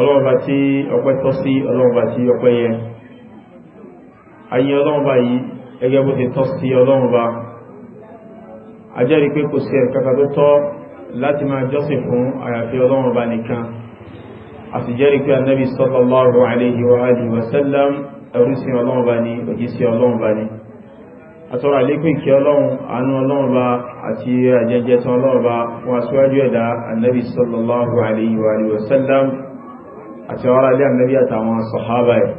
ọlọ́ọ̀bá tí ọpẹ́ tọ́ sí ọlọ́ọ̀bá tí ọpẹ́ yẹ ayé ọlọ́ọ̀bá yìí ẹgẹ́ bó ti tọ́ sí ọlọ́ọ̀bá ajẹ́rí pé kò sí ẹ̀kàkà tó tọ́ láti máa jọ́sìn fún àyàfi ọlọ́ọ̀bá nìkan a sì jẹ́rí pé annabi sallallahu alaihi wa alihi wa sallam ẹrú sí ọlọ́ọ̀bá ni òjì sí ọlọ́ọ̀bá ni àtọ́rọ̀ àlékún ìkẹ́ ọlọ́run àánú ọlọ́ọ̀bá àti àjẹjẹ tán ọlọ́ọ̀bá fún aṣíwájú ẹ̀dá annabi sallallahu alaihi wa sallam àti ọ̀rọ̀ alẹ́ ànábì àtàwọn sọ̀hábà ẹ̀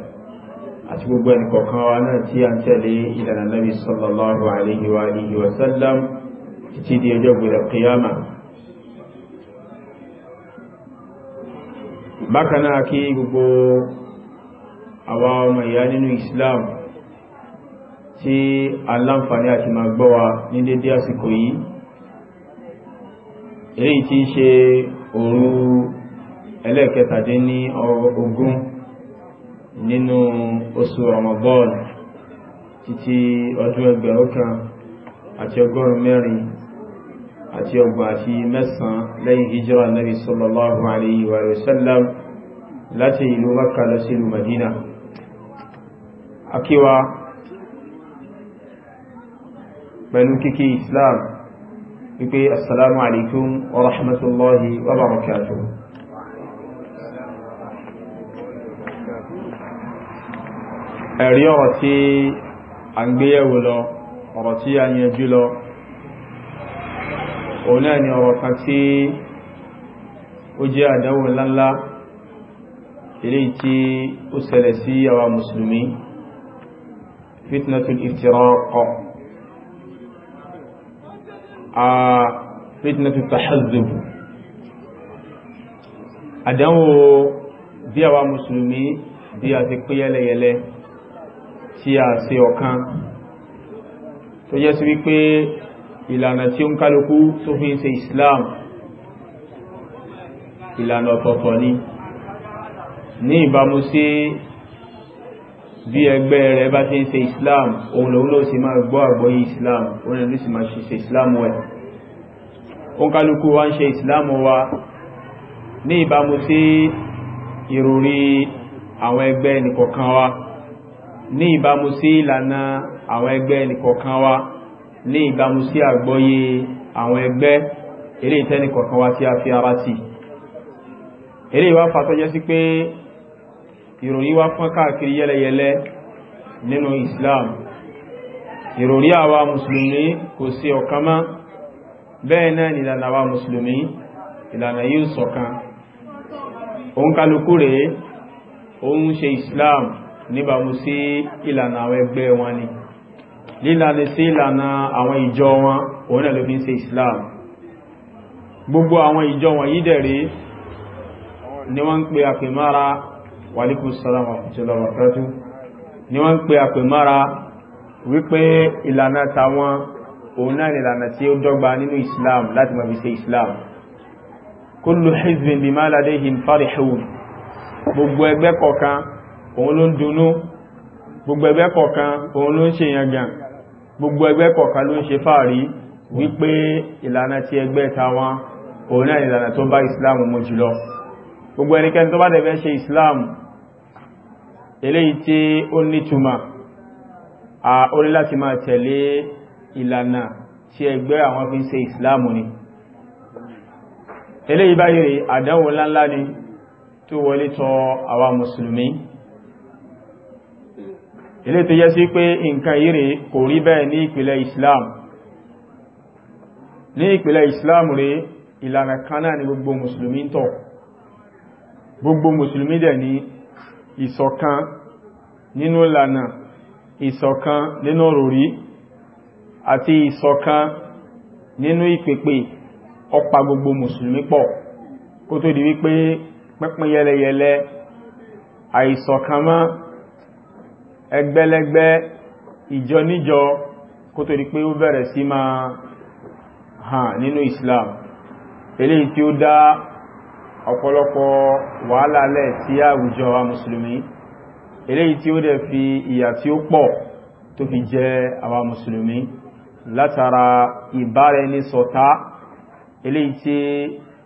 àti gbogbo ẹni kọ̀ọ̀kan wa náà tí a ń tẹ̀lé ìlànà nábì sallallahu alaihi wa alihi wa sallam títí di ọjọ́ gbọdọ̀ qiyama bákan náà kí gbogbo àwa ọmọ ìyá nínú Islam tí aláǹfààní àti máa gbọ́ wa ní dédé àsìkò yìí èyí tí ń ṣe òru ẹlẹ́ẹ̀kẹtàdé ní ogún nínú oṣù Ramadan títí ọdún ẹgbẹ̀rún kan àti ọgọ́rùn mẹ́rin àti ọgbà àti mẹ́sàn lẹ́yìn hijira nabi sallallahu alayhi wa sallam láti ìlú Makka lọ sí ìlú Madina akíwa pẹ̀lú kíkí Islam wípé assalamu alaikum wa rahmatullahi wa barakatuh ẹ̀rí ọ̀rọ̀ tí a ń gbéyẹ̀wò lọ ọ̀rọ̀ tí a yanjú lọ òun náà ni ọ̀rọ̀ kan tí ó jẹ́ àdáwò ńláńlá eléyìí tí ó ṣẹlẹ̀ sí àwa mùsùlùmí fitnatul iftiraq a fitnatul tahazzub àdáwò bí àwa mùsùlùmí bí a ti pé yẹ́lẹ́yẹ́lẹ́ tí a ṣe ọ̀kan tó jẹ́ sí wípé ìlànà tí ó ń kálukú tó fi ń ṣe Islam ìlànà ọ̀tọ̀ọ̀tọ̀ ni ní ìbámu sí bí ẹgbẹ́ rẹ̀ bá ti ń ṣe Islam òun lòun ló sì máa gbọ́ àgbọ́yé Islam òun lòun sì máa ṣe Islam wẹ̀ ó ń kálukú wá ń ṣe Islam wa ní ìbámu sí ìròrí àwọn ẹgbẹ́ nìkọ̀kan wa ní ìbámu sí ìlànà àwọn ẹgbẹ́ ẹnìkọ̀ọ̀kan wa ní ìbámu sí àgbọ́yé àwọn ẹgbẹ́ eré ìtẹ́nìkọ̀ọ̀kan wa tí a fi ara tì eré ìwá fàtọ́jẹ́ sí pé ìròrí wá fún káàkiri yẹ́lẹ́yẹ́lẹ́ nínú Islam ìròrí àwa mùsùlùmí kò sí ọ̀kan mọ́ bẹ́ẹ̀ náà ni ìlànà àwa mùsùlùmí ìlànà yìí sọ̀kan òun kálukú rèé òun ṣe Islam níbàmú sí ìlànà àwọn ẹgbẹ́ wọn ni lílànà sí ìlànà àwọn ìjọ wọn òun náà ló fi ń se Islam gbogbo àwọn ìjọ wọn yìí dẹ̀rí ni wọ́n ń pè àpèmára wàlíkù sálàmù àfìjọlọ wàkájú ni wọ́n ń pè àpèmára wípé ìlànà tàwọn òun náà ìlànà tí ó dọ́gba nínú Islam láti mọ̀ fi ṣe Islam kullu hizbin bima ladayhim farihun gbogbo ẹgbẹ́ kọ̀ọ̀kan òun ló ń dunú gbogbo ẹgbẹ́ kọ̀ọ̀kan òun ló ń ṣe yangàn gbogbo ẹgbẹ́ kọ̀ọ̀kan ló ń ṣe fàárí wípé ìlànà ti ẹgbẹ́ tàwọn òun náà ìlànà tó bá islam mú jùlọ gbogbo ẹnikẹ́ni tó bá dẹ̀ fẹ́ ṣe islam eléyìí tí ó nítumà a orí láti ni eléyìí báyìí àdánwò ńláńlá ni tó wọlé tọ̀ àwa mùsùlùmí ilé tó yẹ sí pé nǹkan ire kò rí bẹ́ẹ̀ ní ìpìlẹ̀ Islam ní ìpìlẹ̀ Islam rí ìlànà kaná ni gbogbo mùsùlùmí ń tọ̀ gbogbo mùsùlùmí dẹ̀ ní ìṣọ̀kan nínú ìlànà ìṣọ̀kan nínú ròrí àti ìṣọ̀kan nínú ìpèpè ọpa gbogbo mùsùlùmí pọ̀ kó tó di wípé pẹ́pẹ́ yẹlẹyẹlẹ àìṣọ̀kan máa ẹgbẹ́lẹ́gbẹ́ ìjọ níjọ kó tó di pé ó bẹ̀rẹ̀ sí máa hàn nínú Islam eléyìí tí ó dá ọ̀pọ̀lọpọ̀ wàhálà lẹ̀ sí àwùjọ wa mùsùlùmí eléyìí tí ó dẹ̀ fi ìyà tí ó pọ̀ tó fi jẹ àwa mùsùlùmí látara ìbáraẹni ṣọ̀tá eléyìí tí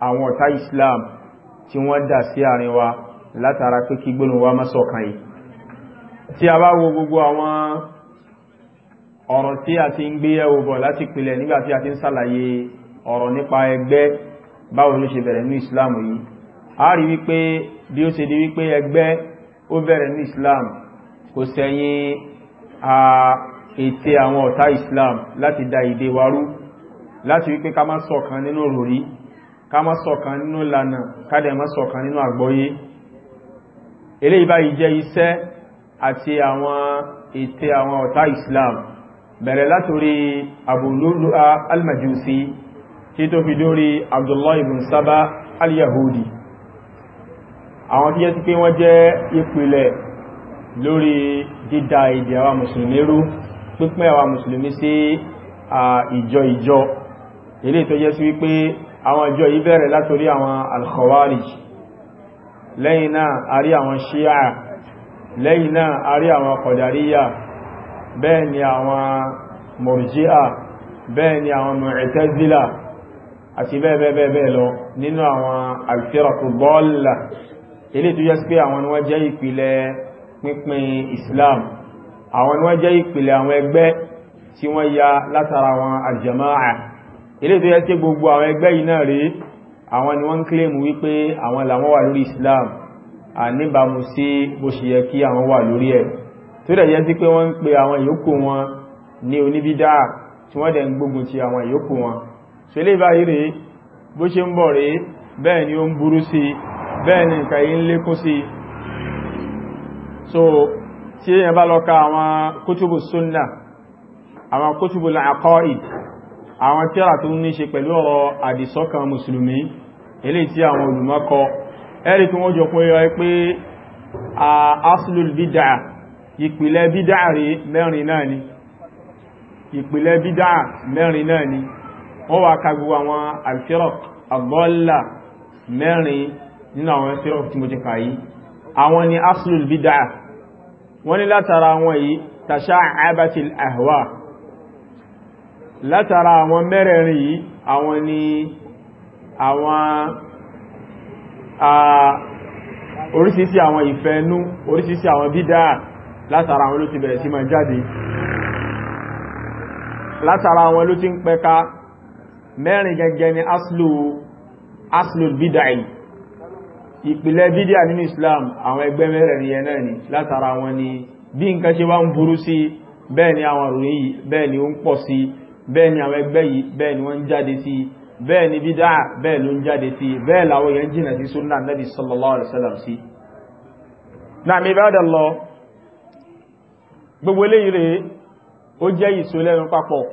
àwọn ọ̀tá Islam tí wọ́n dá sí àárín wa látara pé kí gbónú wa má yìí tí a bá wo gbogbo àwọn ọ̀rọ̀ tí a ti ń gbé yẹ̀wò bọ̀ láti pìlẹ̀ nígbà tí a ti ń sàlàyé ọ̀rọ̀ nípa ẹgbẹ́ báwo ló ṣe bẹ̀rẹ̀ ní Islam yìí a rí wípé bí ó ṣe di wípé ẹgbẹ́ ó bẹ̀rẹ̀ ní Islam kò sẹ́yìn a ète àwọn ọ̀tá Islam láti da ìdè warú láti wípé ká má ṣọ̀kan nínú òròrí ká má ṣọ̀kan nínú lànà ká dẹ̀ má ṣọ̀kan nínú àgbọ́yé eléyìí báyìí jẹ́ iṣẹ́ àti àwọn ètè àwọn ọ̀tá islam bẹ̀rẹ̀ látorí Abu Lu'lu'a al tí tó fi dórí Abdullahi ibn Saba al-Yahudi àwọn tí yẹ́ ti pé wọ́n jẹ́ ìpìlẹ̀ lórí dídá èdè àwọn mùsùlùmí rú pípẹ́ àwọn mùsùlùmí sí ìjọ ìjọ ilé tó jẹ́ sí wípé àwọn ìjọ yìí bẹ̀rẹ̀ látorí àwọn al-Khawarij lẹ́yìn náà a àwọn Shia lẹ́yìn náà a rí àwọn kọ̀dàríyà bẹ́ẹ̀ ni àwọn mọ̀rìjíà bẹ́ẹ̀ ni àwọn mọ̀rìtẹ́zílà àti bẹ́ẹ̀bẹ́ẹ̀ lọ nínú àwọn alfẹ́rọ̀kù bọ́ọ̀lá ilé tó jẹ́ pé àwọn ni wọ́n jẹ́ ìpìlẹ̀ pínpín Islam àwọn ni wọ́n jẹ́ ìpìlẹ̀ àwọn ẹgbẹ́ tí wọ́n gbogbo àwọn ẹgbẹ́ yìí rí àwọn ni wọ́n ń kílèmù wípé àwọn làwọn wà lórí Islam níbàmú sí bó ṣe yẹ kí àwọn wà lórí ẹ̀ tó dẹ̀ yẹ́ sí pé wọ́n ń pe àwọn ìyókù wọn ní oníbídá tí wọ́n dẹ̀ ń gbógun ti àwọn ìyókù wọn ṣe lè bá ire bó ṣe ń bọ̀ rí bẹ́ẹ̀ ni ó ń burú sí bẹ́ẹ̀ ni nǹkan lékún sí so tí èyàn bá lọ ka àwọn kútùbù súnnà àwọn kútùbù làkọ́ì àwọn tíra tó ní ṣe ẹ̀rí tí wọ́n jọ pé ọ pé aslul bid'a ìpìlẹ̀ bid'a rí mẹ́rin náà ni ìpìlẹ̀ bid'a mẹ́rin náà ni wọ́n wá ka gbogbo àwọn al-firaq ad-dalla mẹ́rin nínú àwọn al-firaq tí mo ti kà yìí àwọn ni aslul bid'a wọ́n ní látara wọn yìí tasha'abatil ahwa látara àwọn mẹ́rẹ̀rin yìí àwọn ni àwọn oríṣiríṣi àwọn ìfẹ́nú oríṣiríṣi àwọn bídá látara àwọn ló ti bẹ̀rẹ̀ sí máa jáde látara àwọn ló ti ń pẹ́ka mẹ́rin gẹ́gẹ́ ni aslu aslu bídáì ìpìlẹ̀ bídá nínú Islam àwọn ẹgbẹ́ mẹ́rẹ̀rin yẹn náà ni látara wọn ni bí nǹkan ṣe wá ń burú sí bẹ́ẹ̀ ni àwọn ìròyìn yìí bẹ́ẹ̀ bẹ́ẹ̀ ni bídá bẹ́ẹ̀ ló ń jáde sí bẹ́ẹ̀ làwọn èèyàn jìnà sí súnà nẹ́bí sallallahu alaihi wasallam sí náà mi bá lọ gbogbo eléyìí rẹ̀ ó jẹ́ ìsọlẹ́nu papọ̀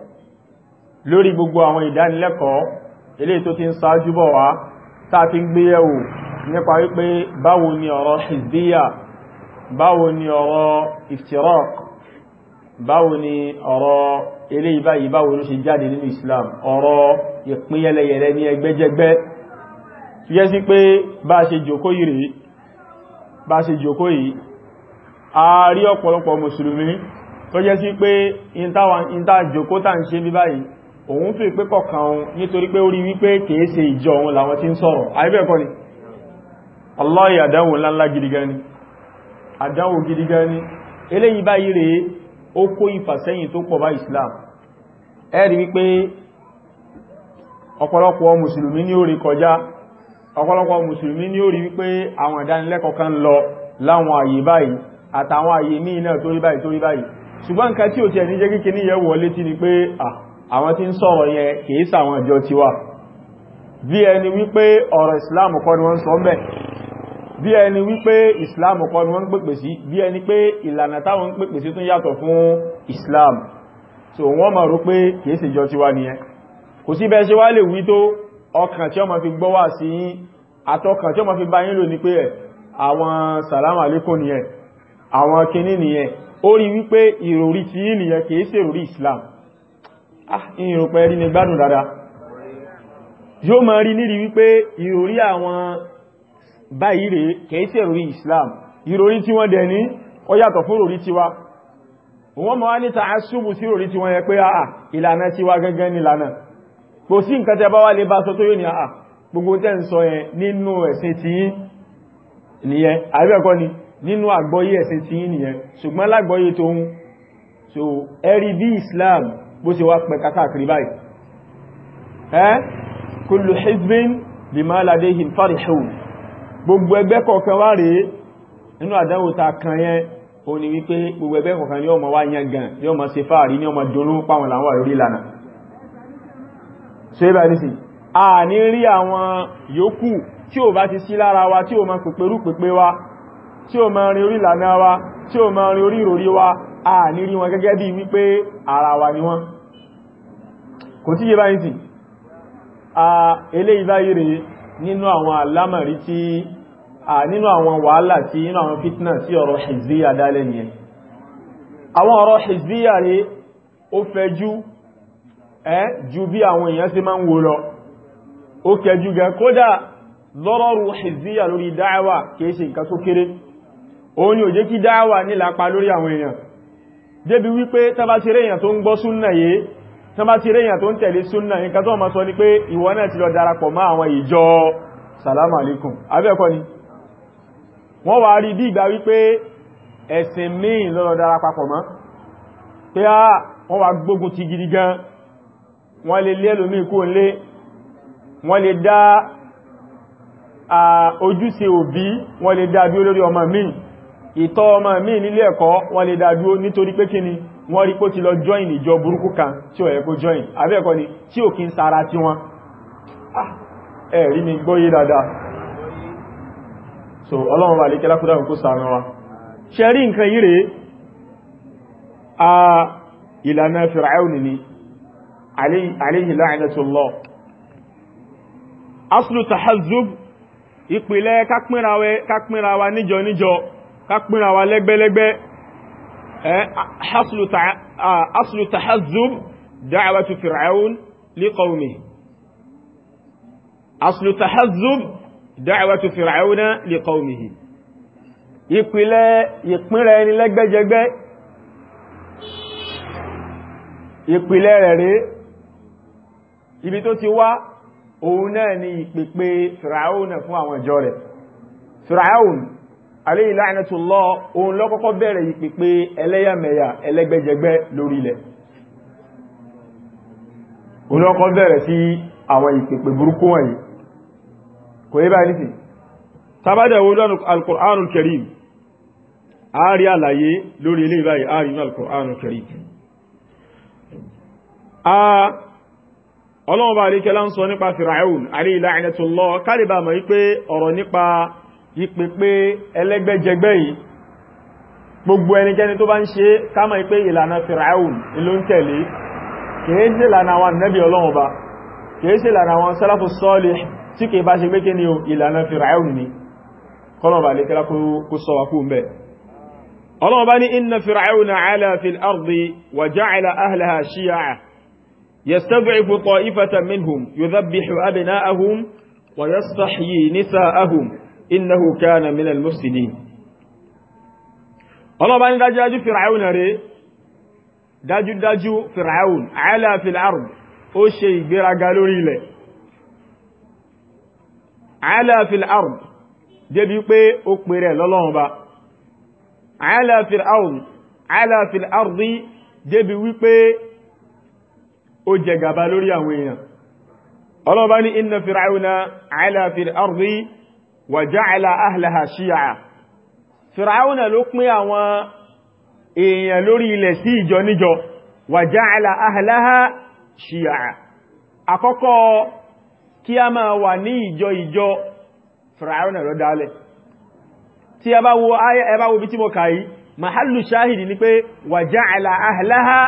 báwo ni ọ̀rọ̀ eléyìí báyìí báwo ló ṣe jáde nínú Islam ọ̀rọ̀ ìpínyẹlẹyẹlẹ ní ẹgbẹ́jẹgbẹ́ tí yẹ́ sí pé bá ṣe jòkó yìí rí bá ṣe jòkó yìí a rí ọ̀pọ̀lọpọ̀ mùsùlùmí tó jẹ́ sí pé ìta jòkó tà ń ṣe bí báyìí òun fi pé kọ̀kan òun nítorí pé ó kó ìfàsẹ́yìn tó pọ̀ bá islam ẹ̀rí wípé ọ̀pọ̀lọpọ̀ mùsùlùmí ní orí kọjá ọ̀pọ̀lọpọ̀ mùsùlùmí ní orí wípé àwọn ìdánilẹ́kọ̀ọ́ kan lọ láwọn àyè báyìí àtàwọn àyè ní iná torí báyìí torí báyìí ṣùgbọ́n nǹkan tí ò ti ẹni jẹ́ kíkẹ́ ní yẹ wọlé tí ni pé àwọn tí ń sọ̀rọ̀ yẹn kìí sàwọn ìjọ tiwa bí ẹni wípé ọ̀rọ̀ ìsìláàmù kọ́ ni wọ́n sọ mẹ́ bí ẹni wípé islam kọ́ ni wọ́n ń pèpè sí bí ẹni pé ìlànà táwọn ń pèpè sí tún yàtọ̀ fún islam so wọ́n máa rò pé kìí ṣe jọ tí wá nìyẹn kò sí bẹ́ẹ̀ ṣe wá lè wí tó ọkàn tí ó máa fi gbọ́ wá sí yín àtọkàn tí ó máa fi bá yín lò ní pé àwọn salam aleikum nìyẹn àwọn kinní nìyẹn ó rí wípé ìròrí tí yín kìí ṣe ìròrí islam ah ìròpẹ́ rí ni gbádùn dáadáa yóò máa rí níri wípé ìròrí àwọn báyìí rèé kẹ́ẹ̀sì ẹ̀rọ islam ìròrí tí wọ́n dẹ̀ ní ó yàtọ̀ fún ìròrí tiwa wọ́n mọ̀ wá níta asúbù sí ìròrí tiwọn yẹ pé àà ìlànà tiwa gangan ní ìlànà kò sí nǹkan tẹ bá wá lè bá sọ tó yóò ní àà gbogbo tẹ́ ń sọ yẹn nínú ẹ̀sìn tí nìyẹn àríwẹ̀kọ́ ni nínú àgbọ́yé ẹ̀sìn tí nìyẹn ṣùgbọ́n lágbọ́yé tó farihun gbogbo ẹgbẹ́ kọ̀ọ̀kan wá rèé nínú àdánwò ta kan yẹn ó ní wípé gbogbo ẹgbẹ́ kọ̀ọ̀kan yóò mọ̀ wá yan gan yóò mọ̀ ṣe fáàrí ní ọmọ dúnú páwọn làwọn lórí ìlànà ṣe bá ní sí a ní rí àwọn yòókù tí ó bá ti sí lára wa tí ó ma pèpèrú pèpè wa tí ó ma rin orí ìlànà wa tí ó ma rin orí ìròrí wa a ní rí wọn gẹ́gẹ́ bí wípé ara wa ni wọ́n kò tí yé bá sí a eléyìí báyìí rèé nínú àwọn alámọ̀rí tí nínú àwọn wàhálà tí nínú àwọn fitna tí ọ̀rọ̀ hizbiya dálẹ̀ nìyẹn àwọn ọ̀rọ̀ hizbiya rẹ̀ ó fẹ̀jú ẹ́ ju bí àwọn èèyàn ṣe máa ń wò lọ ó kẹjú gẹ kódà lọ́rọ̀rù hizbiya lórí dáwà kìí ṣe nǹkan tó kéré òun ni ò jẹ́ kí dáwà nílapa lórí àwọn èèyàn débi wípé tánbá ti réyàn tó ń gbọ́ súnnà yìí tánbá ti réyàn tó ń tẹ̀lé súnnà yìí nǹkan tó máa sọ ní pé ìwọ náà ti lọ darapọ̀ mọ́ àwọn ìjọ salamu alaikum abẹ́ẹ̀kọ́ ni wọ́n wá rí bí ìgbà wípé ẹ̀sìn míì lọ́rọ̀ dára papọ̀ mọ́ pé á wọ́n wá gbógun ti gidi gan wọ́n lè lé ẹlòmí kó ń lé wọ́n lè dá ojúṣe òbí wọ́n lè dá bí olórí ọmọ míì ìtọ́ ọmọ míì nílé ẹ̀kọ́ wọ́n lè dá dúró nítorí pé kíni wọ́n rí pé ti lọ join ìjọ burúkú kan tí ó yẹ join àbẹ́ẹ̀kọ́ ni tí ò kí ń sara tí wọ́n ah, ẹ̀rí mi gbọ́yé dáadáa so ọlọ́run wà lékẹ́ lákúdá òkú sàánà wa ṣe rí nǹkan yìí rẹ̀ a ìlànà fir'aun ni alayhi la'natullah aslu tahazzub ìpìlẹ̀ kápínra wa níjọ níjọ kápínra wa lẹ́gbẹ́lẹ́gbẹ́ aslu tahazzub da'watu fir'aun li qawmihi aslu tahazzub da'watu fir'auna li qawmihi ìpìlẹ̀ ìpínrẹ̀ ẹni lẹ́gbẹ́jẹgbẹ́ ìpìlẹ̀ rẹ̀ rí ibi tó ti wá òun náà ni ìpèpè fir'auna fún àwọn ìjọ rẹ̀ fir'aun alayhi la'natullah òun ló kọ́kọ́ bẹ̀rẹ̀ ìpèpè ẹlẹ́yàmẹ̀yà sí àwọn ìpèpè burúkú wọ̀nyí kò yẹ báyìí nìsìn tàbádà wo lọ́nà alkùránù karim a rí àlàyé lórí ilé báyìí a rí ní alkùránù karim a ọlọ́wọ́ bá rí kẹlá ń sọ nípa firaun alayhi la'natullah kálíbà mọ̀ wípé ọ̀rọ̀ nípa ìpèpè ẹlẹ́gbẹ́jẹgbẹ́ yìí tí kìí bá ṣe mẹ́kẹ́ ni ìlànà fìràún ni kọlọ̀bà lè kela kó sọ wà fún bẹ́ ọlọ́wọ́ bá ní ina fìràún ala ardi wa ja'ala ahlaha shiya'a yastad'ifu ta'ifatan minhum yudhabbihu abna'ahum wa yastahyi nisa'ahum innahu dájúdájú fìràún rẹ̀ dájúdájú ó ṣe ìgbéraga lórí ilẹ̀ ala fil ard débi pé ó pèrè lọ́lọ́run ba ala fil ard ala fil ard débi wípé ó jẹ gàba lórí àwọn èèyàn ọlọ́ba ní inna fir'auna ala fil ard wa ja'ala ahlaha shi'a fir'auna ló pín àwọn èèyàn lórí ilẹ̀ sí ìjọ níjọ wa ja'ala ahlaha shi'a àkọ́kọ́ kí a máa wà ní ìjọ ìjọ fìràáyọ́nà rẹ̀ dálẹ̀ tí a bá wo ẹbá wo bí tí mo kà yí mahallu shahidi ni pé wà ja'ala ahlaha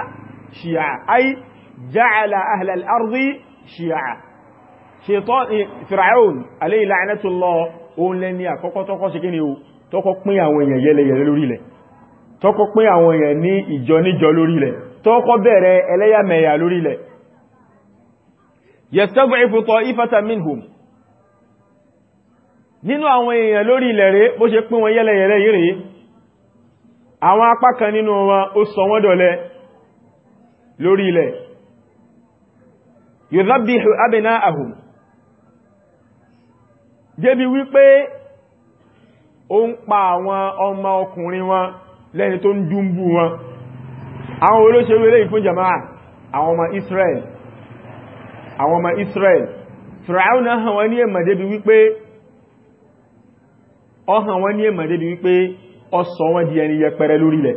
shi'a ay ja'ala ahlal ardi shi'a eh, fìràáyọ́n alayhi la'natullah òun lẹ́ni àkọ́kọ́ tọ́kọ́ sí kíni o tọ́kọ́ tọ́kọ́ yastad'ifu ta'ifatan minhum nínú àwọn èèyàn lórí ilẹ̀ rẹ̀ bó ṣe pín wọn yẹ́lẹ̀yẹ̀lẹ̀ yìí rí àwọn apá kan nínú wọn ó sọ wọ́n dọ̀lẹ lórí ilẹ̀ yudhabbihu abna'ahum débi wípé ó ń pa àwọn ọmọ àwọn ọmọ Israel fìràún hàn wọ́n ní èmà débi wípé ọ hàn wọ́n ní èmà débi wípé ọ sọ wọ́n di ẹni yẹpẹrẹ lórílẹ̀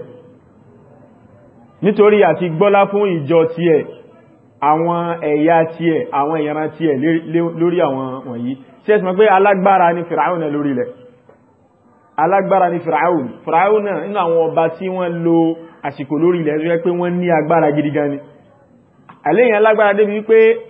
nítorí àti gbọ́lá fún ìjọ tiẹ̀ àwọn ẹ̀yà tiẹ̀ àwọn ìyàrá tiẹ̀ lórí àwọn wọ̀nyí tí ẹ̀sùn pé alágbára ni fìràún lórílẹ̀ alágbára ni fìràún fìràún nínú àwọn ọba tí wọ́n lo àsìkò lórílẹ̀ tó yẹ pé wọ́n ní agbára gidi gan ni àléyìn alágbára débi wípé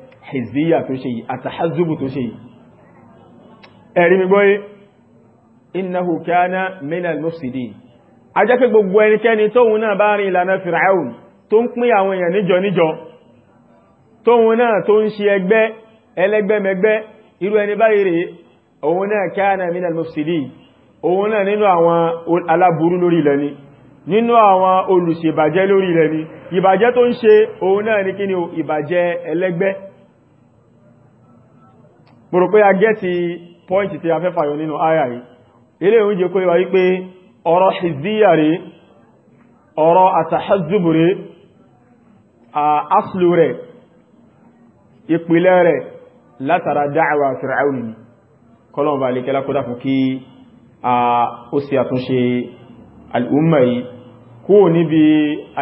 hizbiya tó ṣe yìí àtàhàzùbù tó ṣe yìí ẹ̀rí mi gbọ́yé innahu kana minal mufsidin a jẹ́ pé gbogbo ẹnikẹ́ni tóun náà bá rin ìlànà fìràún tó ń pín àwọn èèyàn níjọ níjọ tóun náà tó ń ṣe ẹgbẹ́ ẹlẹ́gbẹ́mẹgbẹ́ irú ẹni báyìí rèé òun náà kana minal mufsidin òun náà nínú àwọn ìbàjẹ́ ẹlẹ́gbẹ́ mo rò pé a gẹ́ẹ̀tì pọ́ìntì tí a fẹ́ fàyọ nínú àyà yìí ilé oúnjẹ kó wá wípé ọ̀rọ̀ hizbiyya ọ̀rọ̀ àtàhàzùbù rẹ̀ rẹ̀ ìpìlẹ̀ rẹ̀ látara da'wa fir'auni kọlọ̀mbà alékẹ́lá kó dákùn kí ó sì àtúnṣe al'umma yìí kó níbi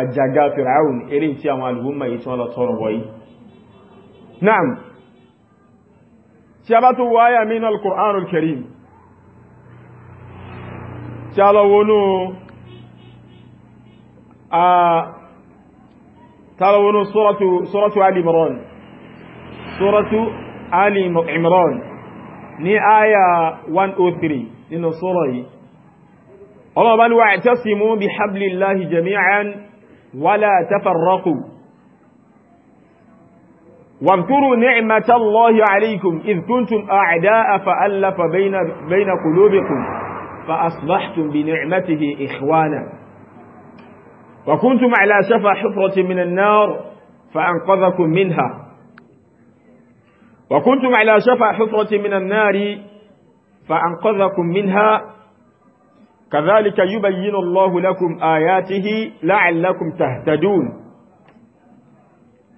àjàgà fir'auni eré tí àwọn al'umma yìí tí wọ́n Naam tí a bá tó wáyà mí náà al-Qur'anul Karim tí a lọ wọnú a tàlọwọnú suratu Ali Imran suratu Ali Imran ní àyà 103 nínú sura yìí ọlọ́bàlúwà i'tasimu bihablillahi jami'an wala tafarraqu واذكروا نعمة الله عليكم إذ كنتم أعداء فألف بين, بين قلوبكم فأصبحتم بنعمته إخوانا وكنتم على شفا حفرة من النار فأنقذكم منها وكنتم على شفا حفرة من النار فأنقذكم منها كذلك يبين الله لكم آياته لعلكم تهتدون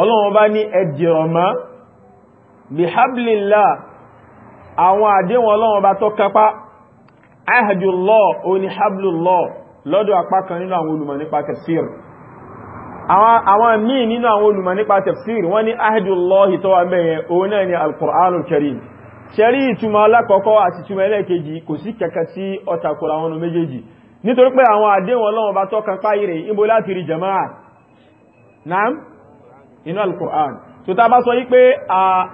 ọlọ́run bá ní ẹdìrọ̀mọ́ bihablillah àwọn àdéhùn ọlọ́run bá tó kápá ahadullah oní hablullah lọ́dọ̀ apá kan nínú àwọn olùmọ̀ nípa tafsir àwọn míì nínú àwọn olùmọ̀ nípa tafsir wọ́n ní ahadullah tó wà mẹ́yẹn òun náà ni alqur'anul karim ṣẹ́rí ìtumọ̀ alákọ̀ọ́kọ́ àti ìtumọ̀ ẹlẹ́ẹ̀kejì kò sí kẹkẹ tí ọ̀tàkùrà wọn méjèèjì nítorí pé àwọn naam inú al-Qur'an tó ta bá sọ yí pé a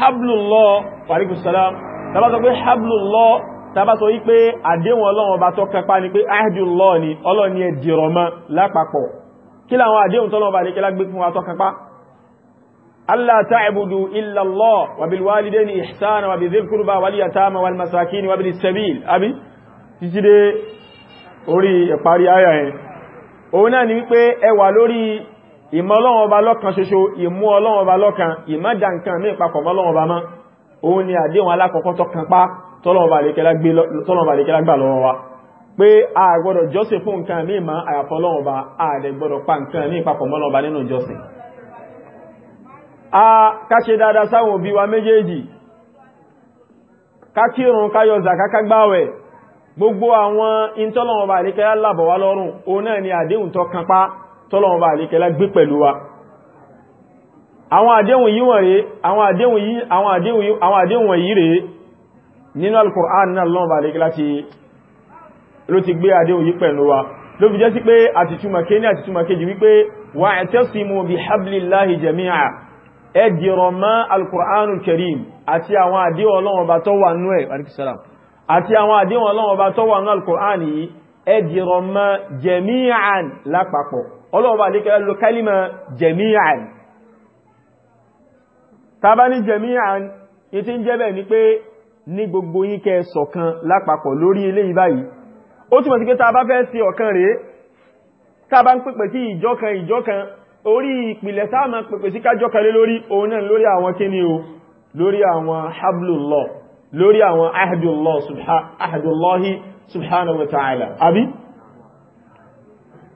hablullah wàríkù salam ta bá sọ pé hablullah ta bá sọ yí pé àdéhùn ọlọ́run ọba tó kápá ni pé ahdullah ni ọlọ́run ni ẹ̀dìrọ̀ mọ́ lápapọ̀ kí láwọn àdéhùn tọ́lọ́run ọba lékelá gbé fún wa tó kápá Allah ta'budu illa Allah wa bil walidayni ihsana wa bi dhil ìmọ̀ ọlọ́run ọba lọ́kan ṣoṣo ìmú ọlọ́run ọba lọ́kan ìmọ̀dà nǹkan ní ìpapọ̀ mọ́lọ́run ọba mọ́ òun ni àdéhùn alákọ̀ọ́kọ́ tó kan pa tọ́lọ́run ọba àdékẹ́lá gbà lọ́wọ́ wa pé a gbọ́dọ̀ jọ́sìn fún nǹkan mí ma àyàfọ́ ọlọ́run ọba a dẹ̀ gbọ́dọ̀ pa nǹkan ní ìpapọ̀ mọ́lọ́run ọba nínú jọ́sìn a ká ṣe dáadáa sáwọn òbí wa méjèèjì ká kírun ká yọ zàká ká gbáwẹ̀ gbogbo àwọn intọ́lọ́run ọba àdékẹ́lá lábọ̀ wá lọ́rùn òun náà ni àdéhùn tó kan pa tọ́lọ́wọ́n bá àlékẹ́lá gbé pẹ̀lú wa àwọn àdéhùn yìí wọ̀n rẹ̀ àwọn àdéhùn yìí àwọn àdéhùn yìí àwọn àdéhùn wọ̀n yìí rẹ̀ nínú al-Qur'an náà lọ́wọ́n bá àlékẹ́lá ti ló ti gbé àdéhùn yìí pẹ̀lú wa ló fi jẹ́ sí pé àtìtúmọ̀ké ní àtìtúmọ̀kejì wípé wa'tasimu bihablillahi jami'a ẹ dìrọ̀ mọ́ al-Qur'anul Karim àti àwọn àdéhùn Ọlọ́run bá tọ́wà nú ẹ̀ lápapọ̀ ọlọ́ọ̀bá àdíkẹ́ lọ kálímà jẹ̀míàn tàbá ní jẹ̀míàn yí tí ń jẹ́ bẹ̀ ní pé ní gbogbo yín kẹ́ ṣọ̀kan lápapọ̀ lórí eléyìí báyìí ó túnmọ̀ sí pé tàbá fẹ́ sí ọ̀kan rèé tàbá ń pèpè sí ìjọkan ìjọkan orí ìpìlẹ̀ sáàmà pèpè sí kájọkan lé lórí òun náà lórí àwọn kíni